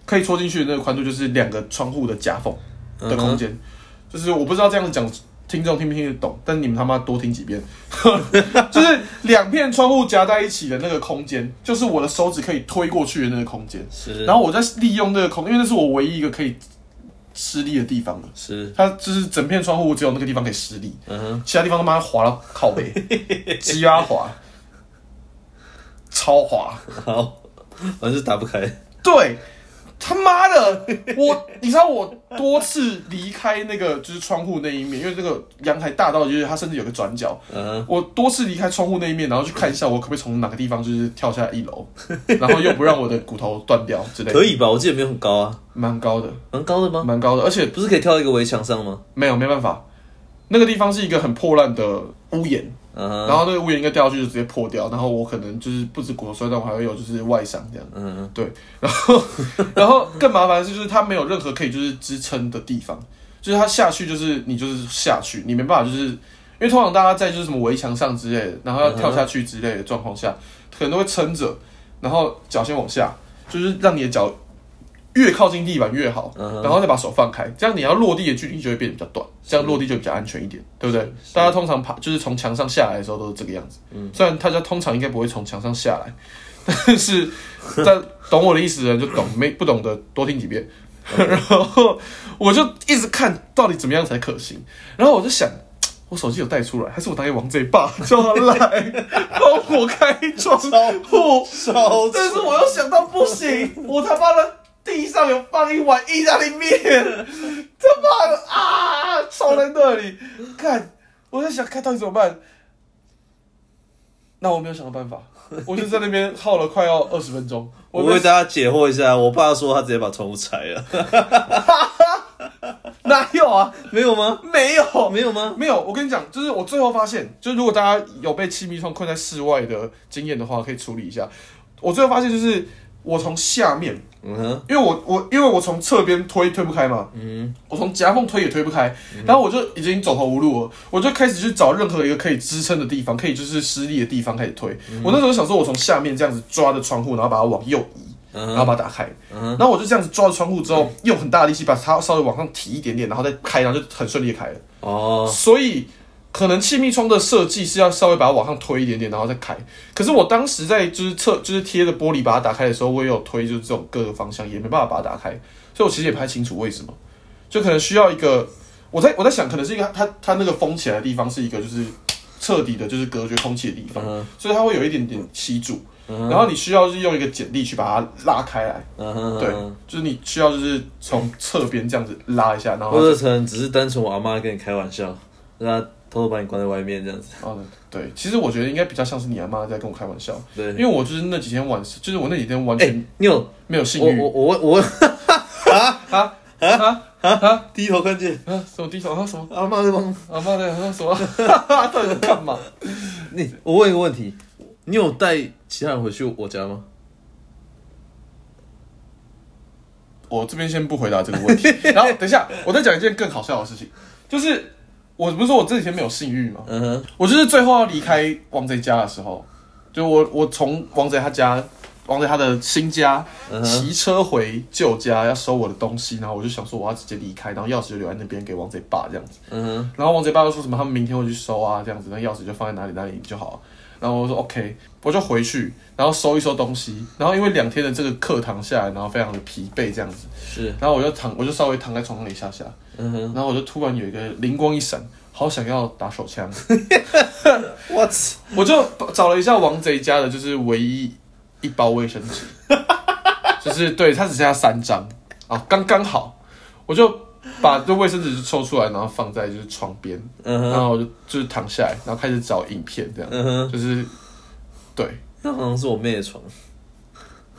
可以戳進去的那個寬度就是兩個窗戶的夾縫的空間，嗯、哼就是我不知道這樣講。聽眾聽不聽得懂？但你們他媽多聽幾遍。 (laughs) 就是兩片窗戶夾在一起的那個空間，就是我的手指可以推過去的那個空間。是，然後我在利用這個空，因為那是我唯一一個可以施力的地方了。是，它就是整片窗戶，只有那個地方可以施力，嗯哼，其他地方都他媽滑了，靠北，雞壓滑，超滑，好，反正是打不開。對。他媽的，我你知道我多次離開那個就是窗戶那一面，因為這個陽台大到就是它甚至有個轉角。Uh huh. 我多次離開窗戶那一面，然後去看一下我可不可以從哪個地方就是跳下一樓， (laughs) 然後又不讓我的骨頭斷掉之類的。可以吧？我記得沒有很高啊，蠻高的，蠻高的嗎？蠻高的，而且不是可以跳到一個圍牆上嗎？沒有，沒辦法，那個地方是一個很破爛的屋檐。Uh huh. 然後那個屋檐應該掉下去就直接破掉，然後我可能就是不止骨頭摔斷，我還會有就是外傷這樣。嗯、uh huh. 對。然後，然後更麻煩的是，就是它沒有任何可以就是支撐的地方，就是它下去就是你就是下去，你沒辦法就是，因為通常大家在就是什麼圍牆上之類的，然後要跳下去之類的狀況下，uh huh. 可能都會撐着，然後腳先往下，就是讓你的腳。越靠近地板越好，uh huh. 然後再把手放開，這樣你要落地的距離就會變得比較短，這樣落地就會比較安全一點，是對不對？大家通常爬就是從牆上下來的時候都是這個樣子，嗯、雖然大家通常應該不會從牆上下來，但是在懂我的意思的人就懂， (laughs) 沒不懂的多聽幾遍。Okay. 然後我就一直看到底怎麼樣才可行，然後我就想，我手機有帶出來，還是我打給王賊爸叫他們來幫我開窗戶？但是我又想到不行，我他媽的。地上有放一碗意大利麵，他爸啊，沖在那裡看，我在想看到底怎麼辦。那我沒有想到辦法，我就在那邊耗了快要二十分鐘。我為大家解惑一下，我爸說他直接把窗戶拆了。 (laughs) (laughs) 哪有啊？沒有嗎？沒有，沒有嗎？沒有。我跟你講，就是我最後發現，就是如果大家有被氣密窗困在室外的經驗的話，可以處理一下。我最後發現就是。我從下面，嗯、uh huh.，因為我我因為我從側邊推推不開嘛，嗯、uh，huh. 我從夾縫推也推不開，uh huh. 然後我就已經走投無路了，我就開始去找任何一個可以支撐的地方，可以就是施力的地方開始推。Uh huh. 我那時候想說，我從下面這樣子抓着窗戶，然後把它往右移，uh huh. 然後把它打開。Uh huh. 然後我就這樣子抓着窗戶之後，用、uh huh. 很大的力氣把它稍微往上提一點點，然後再開，然後就很順利的開了。哦、uh，huh. 所以。可能氣密窗的設計是要稍微把它往上推一點點，然後再開。可是我當時在就是側就是貼着玻璃把它打開的時候，我也有推就是這種各個方向也沒辦法把它打開，所以我其實也不太清楚為什麼。就可能需要一個我在我在想，可能是一個它它那個封起來的地方是一個就是徹底的就是隔絕空氣的地方，所以它會有一點點吸住，然後你需要是用一個剪力去把它拉開來。對，就是你需要就是從側邊這樣子拉一下，然後或者是只是單純我阿媽跟你開玩笑，那。偷偷把你關在外面這樣子啊、oh,，對，其實我覺得應該比較像是你阿媽在跟我開玩笑，對因為我就是那幾天晚，就是我那幾天玩。哎、欸，你有沒有信？我我我我，啊啊啊啊啊！低頭看見啊，什麼低頭啊，什麼？阿媽在嗎？阿媽在，看、啊、什麼？哈哈，到底在幹嘛？你，我問一個問題，你有帶其他人回去我家嗎？我這邊先不回答這個問題， (laughs) 然後等一下，我再講一件更好笑的事情，就是。我不是說我這幾天沒有信譽嗎？嗯哼、uh，huh. 我就是最後要離開王賊家的時候，就我我從王賊他家，王賊他的新家騎、uh huh. 車回舊家要收我的東西，然後我就想說我要直接離開，然後鑰匙就留在那邊給王賊爸這樣子。嗯哼、uh，huh. 然後王賊爸又說什麼他們明天會去收啊這樣子，那鑰匙就放在哪裡哪裡就好。然後我就說 OK，我就回去，然後收一收東西，然後因為兩天的這個課堂下來，然後非常的疲憊這樣子，是，然後我就躺，我就稍微躺在床上一下下，嗯哼，然後我就突然有一個靈光一閃，好想要打手槍，我操，我就找了一下王賊家的，就是唯一一包衛生紙，就是對，它只剩下三張啊，剛剛好，我就。把這衛生紙抽出來，然後放在就是床邊，uh huh. 然後就就是躺下來，然後開始找影片，這樣、uh huh. 就是對。那好像是我妹的床，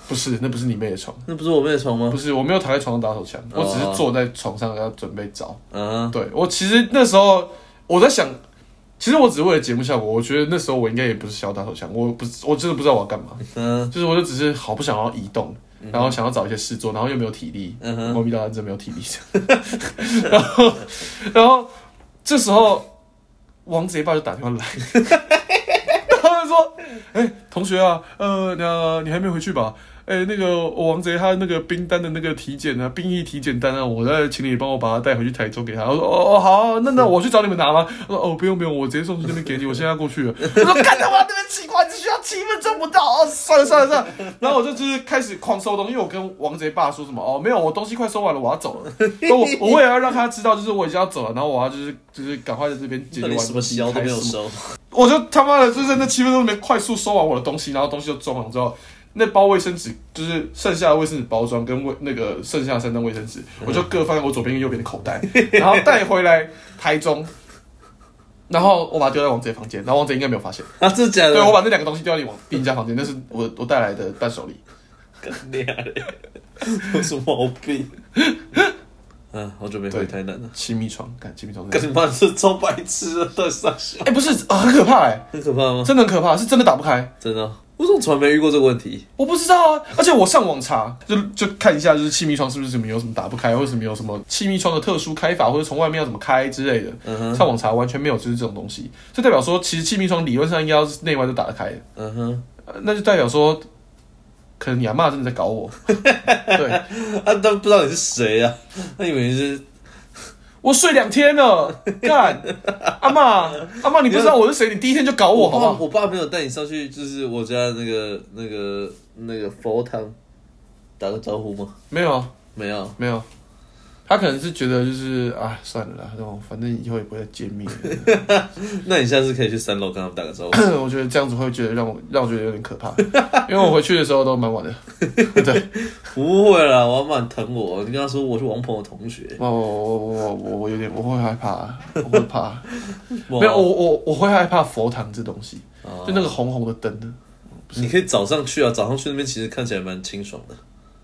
不是，那不是你妹的床，那不是我妹的床嗎？不是，我沒有躺在床上打手槍，oh. 我只是坐在床上然後準備找。嗯、uh，huh. 對我其實那時候我在想，其實我只是為了節目效果，我覺得那時候我應該也不是想打手槍，我不我真的不知道我要幹嘛，嗯、uh，huh. 就是我就只是好不想要移動。嗯、然後想要找一些事做，然後又沒有體力，我逼、嗯、哼到，認真，沒有體力。 (laughs) 然後，然後這時候王賊爸就打電話來， (laughs) 然後他就說：“哎、欸，同學啊，呃，那你還沒回去吧？”哎、欸，那個王賊他那個兵單的那個體檢啊，兵役體檢單啊，我在請你幫我把他帶回去台中給他。我說哦哦好，那那我去找你們拿嗎？嗯、他說哦不用不用，我直接送去那邊給你，我現在要過去了。 (laughs) 我說 (laughs) 幹他媽那邊奇怪，只需要七分鐘不到。哦算了算了算了，算了算了 (laughs) 然後我就，就是開始狂收東西，因為我跟王賊爸說什麼？哦沒有，我東西快收完了，我要走了。 (laughs) 我我為了讓他知道就是我已經要走了，然後我要就是就是趕快在這邊解決完。什麼？台都沒有收。我就他媽的就在，是，那七分鐘裡面快速收完我的東西，然後東西就裝完之後。那包衛生紙就是剩下的衛生紙包裝，跟衛那個剩下的三張衛生紙，嗯、我就各放在我左邊右邊的口袋，然後帶回來台中， (laughs) 然後我把它丟在王賊房間，然後王賊應該沒有發現啊，這假的，對我把那兩個東西丟在你往別人家房間，那對是我我帶來的伴手禮，幹厲害有什麼毛病？嗯 (laughs) 、啊，我準備回台南了，氣密窗，幹氣密窗，跟你媽是超白癡的、啊、上笑，哎，欸、不是、啊，很可怕、欸，哎，很可怕嗎？真的很可怕，是真的打不開，真的、哦。我怎麼從來沒遇過這個問題？我不知道啊！而且我上網查，就就看一下，就是氣密窗是不是什麼有什麼打不開，為什麼有什麼氣密窗的特殊開法，或者從外面要怎麼開之類的。Uh huh. 上網查完全沒有，就是這種東西，就代表說，其實氣密窗理論上應該要是內外都打得開的。嗯哼、uh，huh. 那就代表說，可能你阿嬤真的在搞我。 (laughs) 對啊，都不知道你是誰啊？那以為你是。我睡兩天了，幹 (laughs) 阿嬤，阿嬤，你不知道我是誰？你第一天就搞我，好不好？我，我爸沒有帶你上去，就是我家那個那個那個佛堂打個招呼嗎？沒有啊，沒有，沒有。他可能是覺得就是、啊、算了啦，反正以後也不會再見面。 (laughs) 那你下次可以去三樓跟他們打個招呼。 (coughs) 我覺得這樣子會覺得讓我讓我覺得有點可怕， (laughs) 因為我回去的時候都蠻晚的。 (laughs) 對，不會啦，我還蠻疼我，你跟他說我是王鵬的同學。我我我我我有點我會害怕，我會怕， (laughs) 沒有我我我會害怕佛堂這東西， (laughs) 就那個紅紅的燈的。嗯嗯、你可以早上去啊，早上去那邊其實看起來蠻清爽的。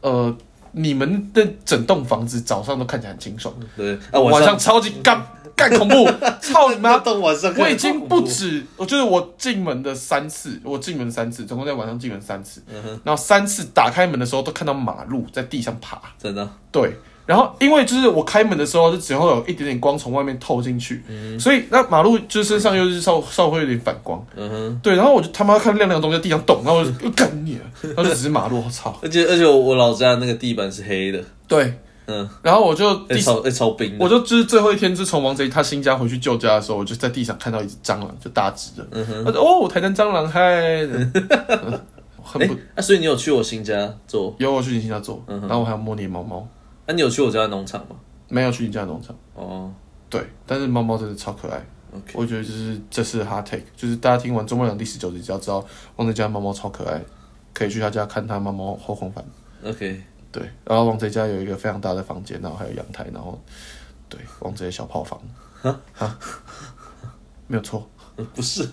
呃。你們的整棟房子早上都看起來很清爽，對，啊、晚上超級干干、嗯、恐怖。 (laughs) 操你媽！晚上 (laughs) 我已經不止，我就是我進門的三次，我進門三次，總共在晚上進門三次，嗯哼，然後三次打開門的時候都看到馬路在地上爬，真的，對。然後，因為就是我開門的時候，就只會有一點點光從外面透進去，所以那馬路就身上又是稍稍微會有點反光，嗯哼，對。然後我就他媽看亮亮的東西，在地上動，然後我就幹你了，然後就只是馬路，我操！而且而且我老家那個地板是黑的，對，嗯。然後我就地，欸超欸超冰，我就就是最後一天，自從王賊他新家回去舊家的時候，我就在地上看到一隻蟑螂，就大隻的，嗯哼。哦，台灣蟑螂嗨，哈哈。啊，所以你有去我新家坐。有，我去你新家坐，嗯。然後我還要摸你貓貓。哎，啊、你有去我家的農場嗎？沒有去你家的農場。哦，oh. 對，但是貓貓真的超可愛。Okay. 我覺得就是這是 hard take，就是大家聽完《中國兩第十九集》就要知道王賊家的貓貓超可愛，可以去他家看他貓貓後空翻。OK，對，然後王賊家有一個非常大的房間，然後還有陽台，然後對，王賊的小炮房。啊啊蛤，沒有錯，不是、嗯，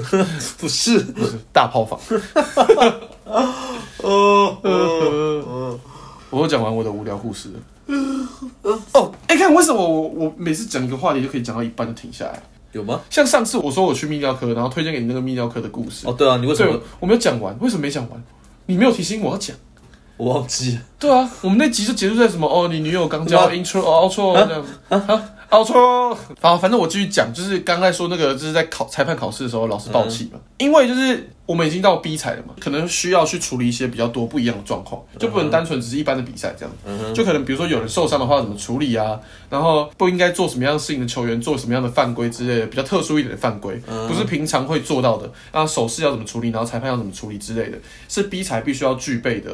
不是， (laughs) 不是,不是大炮房。哈哈哈哈哈。哦。我都講完我的無聊故事了。哦，哎、欸，看為什麼我我每次講一個話題就可以講到一半就停下來？有嗎？像上次我說我去泌尿科，然後推薦給你那個泌尿科的故事。哦，對啊，你為什麼我沒有講完？為什麼沒講完？你沒有提醒我要講，我忘記了。對啊，我們那集就結束在什麼？哦，你女友剛教 intro，哦嗎，outro，這樣子。啊啊啊好錯、哦，好，反正我繼續講，就是剛才說那個，就是在考裁判考試的時候，老是爆氣嘛，嗯、因為就是我們已經到 B 裁了嘛，可能需要去處理一些比較多不一樣的狀況，就不能單純只是一般的比賽這樣子，就可能比如說有人受傷的話要怎麼處理啊，然後不應該做什麼樣的事情的球員做什麼樣的犯規之類的，比較特殊一點的犯規，不是平常會做到的，然後手勢要怎麼處理，然後裁判要怎麼處理之類的，是 B 裁必須要具備的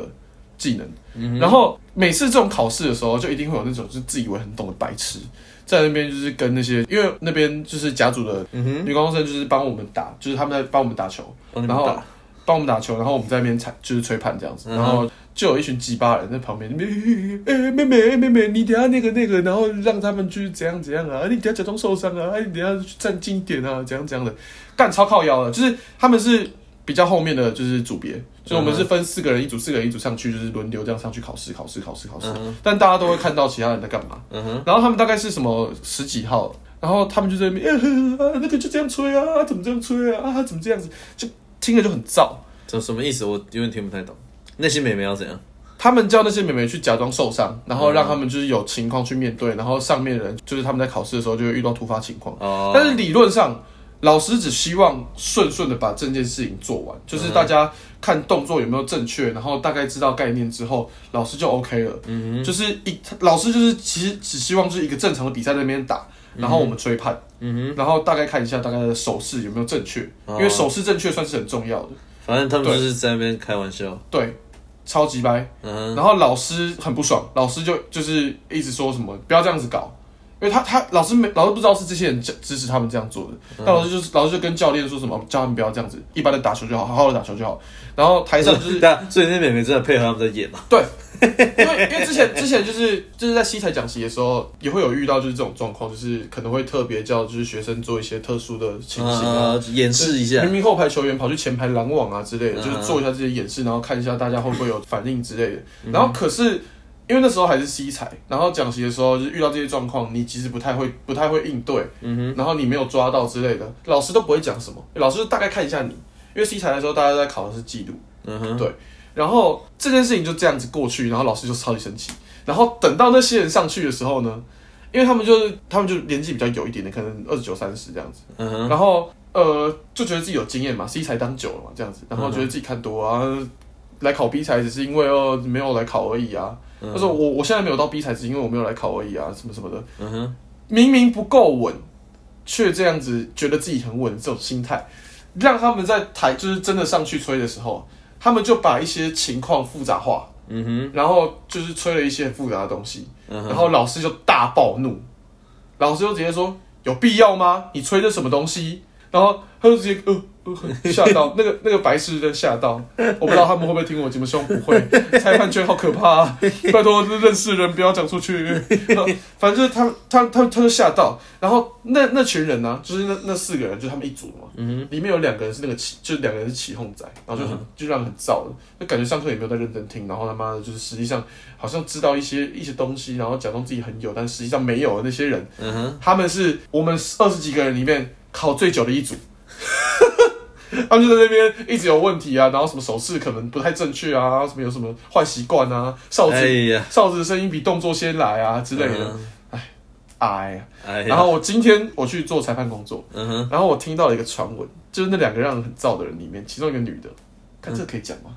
技能。嗯、哼然後每次這種考試的時候，就一定會有那種就是自以為很懂的白痴。在那邊就是跟那些，因為那邊就是甲組的女高中生，就是幫我們打，就是他們在幫我們打球，打然後幫我們打球，然後我們在那邊踩，就是吹判這樣子，嗯、哼然後就有一群雞巴人在旁邊，哎、欸、妹妹哎、欸、妹妹，你等下那個那個，然後讓他們去怎樣怎樣啊，你等下假裝受傷啊，哎你等下站近一點啊，這樣這樣的，幹超靠腰了，就是他們是。比較後面的就是組別，所以我們是分四個人一組，uh huh. 四個人一組上去，就是輪流這樣上去考試，考試，考試，考試。Uh huh. 但大家都會看到其他人在幹嘛。Uh huh. 然後他們大概是什麼十幾號，然後他們就在那邊、欸，那個就這樣吹啊，怎麼這樣吹啊，怎麼這樣子，就聽着就很燥。這什麼意思？我有點聽不太懂。那些美眉要怎樣？他們叫那些美眉去假裝受傷，然後讓他們就是有情況去面對，然後上面的人就是他們在考試的時候就會遇到突發情況。哦、oh，oh. 但是理論上。老師只希望順順的把這件事情做完，就是大家看動作有沒有正確，然後大概知道概念之後，老師就 OK 了。嗯哼，就是一老師就是其實只希望就是一個正常的比賽在那邊打，嗯、哼然後我們吹判，嗯哼，然後大概看一下大概的手勢有沒有正確，哦、因為手勢正確算是很重要的。反正他們就是在那邊開玩笑，對，超級掰，嗯哼，然後老師很不爽，老師就就是一直說什麼不要這樣子搞。因為他他老師沒老師不知道是這些人教支持他們這樣做的，他、嗯、老師就是老師就跟教練說什麼叫他們不要這樣子，一般的打球就好，好好的打球就好。然後台上就是，所以，所以那妹妹真的配合他們在演嘛？對， (laughs) 因為因為之前之前就是就是在西台講習的時候，也會有遇到就是這種狀況，就是可能會特別叫就是學生做一些特殊的情形啊，演示一下，明明後排球員跑去前排攔網啊之類的，啊、就是做一下這些演示，然後看一下大家會不會有反應之類的。然後可是。嗯因為那時候還是 C 財，然後講習的時候就遇到這些狀況，你其實不太會、不太會應對，嗯、哼然後你沒有抓到之類的，老師都不會講什麼，老師大概看一下你，因為 C 財的時候大家在考的是記錄，嗯、哼對，然後這件事情就這樣子過去，然後老師就超級生氣，然後等到那些人上去的時候呢，因為他們就是他們就年紀比較有一點的，可能二十九三十這樣子，嗯、哼然後呃就覺得自己有經驗嘛，C 財當久了嘛這樣子，然後覺得自己看多啊，嗯、哼來考 B 才只是因為哦沒有來考而已啊。他說我：“我我現在沒有到 B 材質，因為我沒有來考而已啊，什麼什麼的。明明不夠穩，卻這樣子覺得自己很穩，這種心態，讓他們在台就是真的上去吹的時候，他們就把一些情況複雜化。嗯哼，然後就是吹了一些複雜的東西，然後老師就大暴怒，老師就直接說：有必要嗎？你吹的什麼東西？”然後他就直接呃，呃嚇到那個那個白痴在嚇到，我不知道他們會不會聽我節目，希望不會。裁判圈好可怕啊！拜托，認識的人不要講出去。然後反正就是他他他他就嚇到。然後那那群人呢、啊，就是那那四個人，就是、他們一組嘛。嗯哼，裡面有兩個人是那個起，就是兩個人是起哄仔，然後就很、嗯、哼 就讓人很燥，就感覺上課也沒有在認真聽。然後他媽的，就是實際上好像知道一些一些東西，然後假裝自己很有，但實際上沒有的那些人。嗯哼，他們是我們二十幾個人裡面。嗯哼 裡面考最久的一組， (laughs) 他們就在那邊一直有問題啊，然後什麼手勢可能不太正確啊，什麼有什麼壞習慣啊，哨子、哎、呀哨子的聲音比動作先來啊之類的，哎，哎，然後我今天我去做裁判工作，哎、呀然後我聽到了一個傳聞，就是那兩個讓人很燥的人裡面，其中一個女的，看這個可以講嗎？嗯、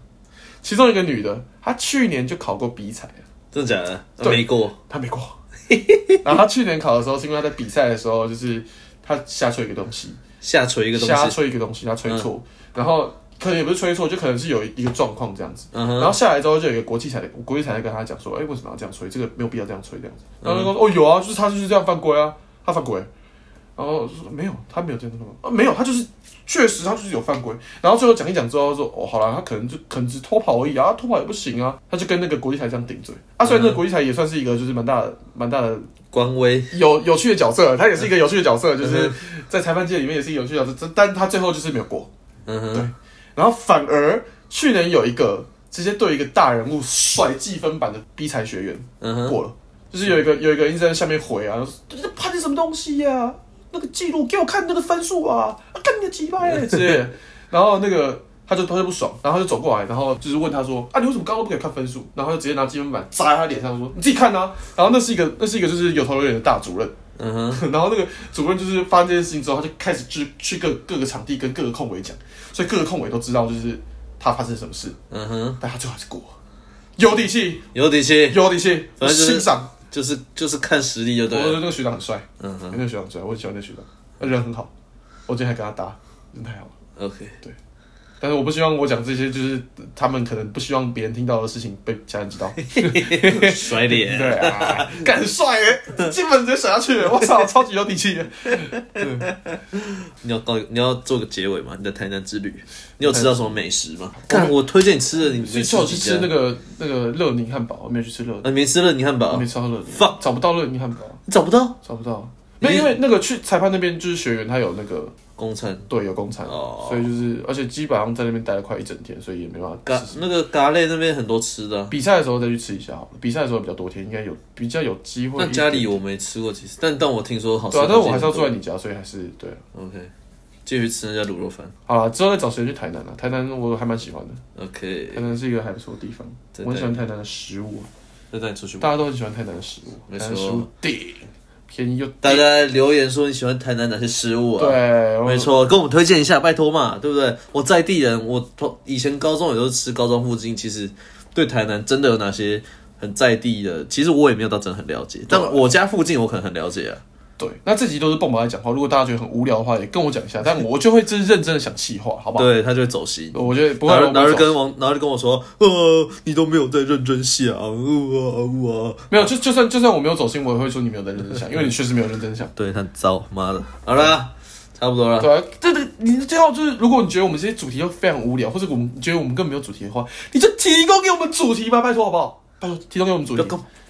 其中一個女的，她去年就考過比賽。真的假的？沒過。對，她沒過。 (laughs) 然後她去年考的時候，是因為她在比賽的時候就是。他瞎吹一個東西，瞎吹一個東西，瞎吹一個東西，他吹錯，嗯、然後可能也不是吹錯，就可能是有一個狀況這樣子。嗯、哼然後下來之後就有一個國際裁的，國際裁就跟他講說：“哎、欸，為什麼要這樣吹？這個沒有必要這樣吹這樣子。”然後他說：“嗯、哼哦，有啊，就是他就是這樣犯規啊，他犯規。”然後說：“沒有，他沒有這樣子啊，沒有，他就是確實他就是有犯規。”然後最後講一講之後說：“哦，好了，他可能就可能只偷跑而已啊，啊、偷跑也不行啊。”他就跟那個國際裁這樣頂嘴。啊，雖然這國際裁也算是一個就是蠻大蠻大的。嗯哼官微有有趣的角色，他也是一個有趣的角色，嗯、哼就是在裁判界裡面也是一個有趣的角色，但他最後就是沒有過。嗯哼，對。然後反而去年有一個直接對一個大人物甩記分板的 B 裁學員，嗯哼，過了。就是有一個有一個一直在下面回啊，判你、嗯、哼什麼東西呀、啊？那個記錄給我看那個分數啊，啊，看你的雞巴耶。然後那個。 (laughs) 他就他就不爽，然後就走過來，然後就是問他說：“啊，你為什麼剛剛不可以看分數？”然後就直接拿積分板砸在他臉上，說：“你自己看吶、啊。”然後那是一個那是一個就是有頭有臉的大主任，嗯哼。然後那個主任就是發生這件事情之後，他就開始去去各各個場地跟各個控委講，所以各個控委都知道就是他發生什麼事，嗯哼。但他最後還是過，有底氣，有底氣，有底氣。就是、欣賞就是就是看實力就對了。我覺得那個學長很帥，嗯哼、欸。那個學長很帥，我很喜歡那個學長，他人很好，我今天還跟他搭，人太好了。OK，對。但是我不希望我講這些，就是他們可能不希望別人聽到的事情被家人知道， (laughs) 甩臉臉， (laughs) 對啊，敢甩，帥耶，基本直接甩下去了，我操，超級有底氣。你要告，你要做個結尾嗎？你的台南之旅，你有吃到什麼美食嗎？我沒我推薦你吃的，我沒你最好去吃那個那個樂寧漢堡。我沒去吃樂，呃、啊，沒吃樂寧漢堡，沒吃樂寧 fuck 找不到樂寧漢堡，你找不到，找不到，沒，欸、因為那個去裁判那邊就是學員，他有那個。工程對，有工程哦、oh. 所以就是，而且基本上在那邊待了快一整天，所以也沒辦法吃。嘎，那個嘎喱那邊很多吃的、啊，比賽的時候再去吃一下好了。比賽的時候比較多天，應該有比較有機會點點。那家裡我沒吃過，其實，但但我聽說好吃。對、啊，但我還是要住在你家，所以還是對、啊。OK，繼續吃人家滷肉飯。好了，之後再找時間去台南了。台南我還蠻喜歡的。OK，台南是一個還不錯的地方。帶我很喜歡台南的食物。大家都很喜歡台南的食物。沒錯錯。大家留言說你喜歡台南哪些食物啊？對，沒錯，跟我們推薦一下，拜托嘛，對不對？我在地人，我以前高中也都是吃，高中附近。其實對台南真的有哪些很在地的，其實我也沒有到真的很了解，但我家附近我可能很了解啊。對，那這集都是蹦巴來講話。如果大家覺得很無聊的話，也跟我講一下。但我就會真認真的想氣話，好不好？對，他就會走心。我覺得不會我，然後就跟王，然後就跟我說，呃、啊，你都沒有在認真想呃，啊！沒有，就就算就算我沒有走心，我也會說你沒有在認真想，因為你確實沒有認真想。對，他糟，媽的，好了，對差不多了，啊。對，這這，你最後就是，如果你覺得我們這些主題就非常無聊，或者我們覺得我們更沒有主題的話，你就提供給我們主題吧，拜託，好不好？拜託，提供給我們主題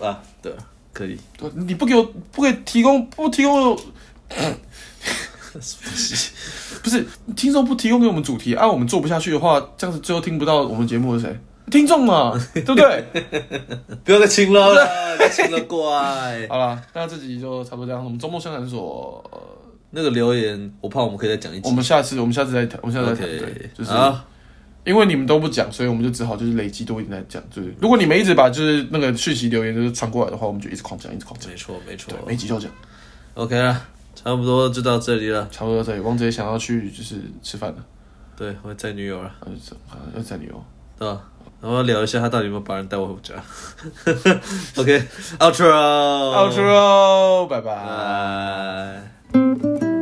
啊，對。可以，你不給我不給提供不提供，不是 (coughs) (coughs) 不是你聽眾不提供給我們主題，按、啊、我們做不下去的話，這樣子最後聽不到我們節目是誰？聽眾嘛， (laughs) 對不對？不要再請了，請了乖。好了，那這集就差不多這樣。我們周末相談所那個留言，我怕我們可以再講一集。我們下次我們下次再談，我們下次再談，對，就是。Uh. 因為你們都不講，所以我們就只好就是累積多一點來講。就是、嗯、如果你們一直把就是那個訊息留言就是傳過來的話，我們就一直狂講，一直狂講。沒錯，沒錯，沒急着講。OK 了，差不多就到這裡了。差不多這裡，王賊也想要去就是吃飯了。對，要載女友了。嗯，是、啊，要載女友，對吧？我要聊一下他到底有沒有把人帶我回家。OK, outro, outro, 拜拜。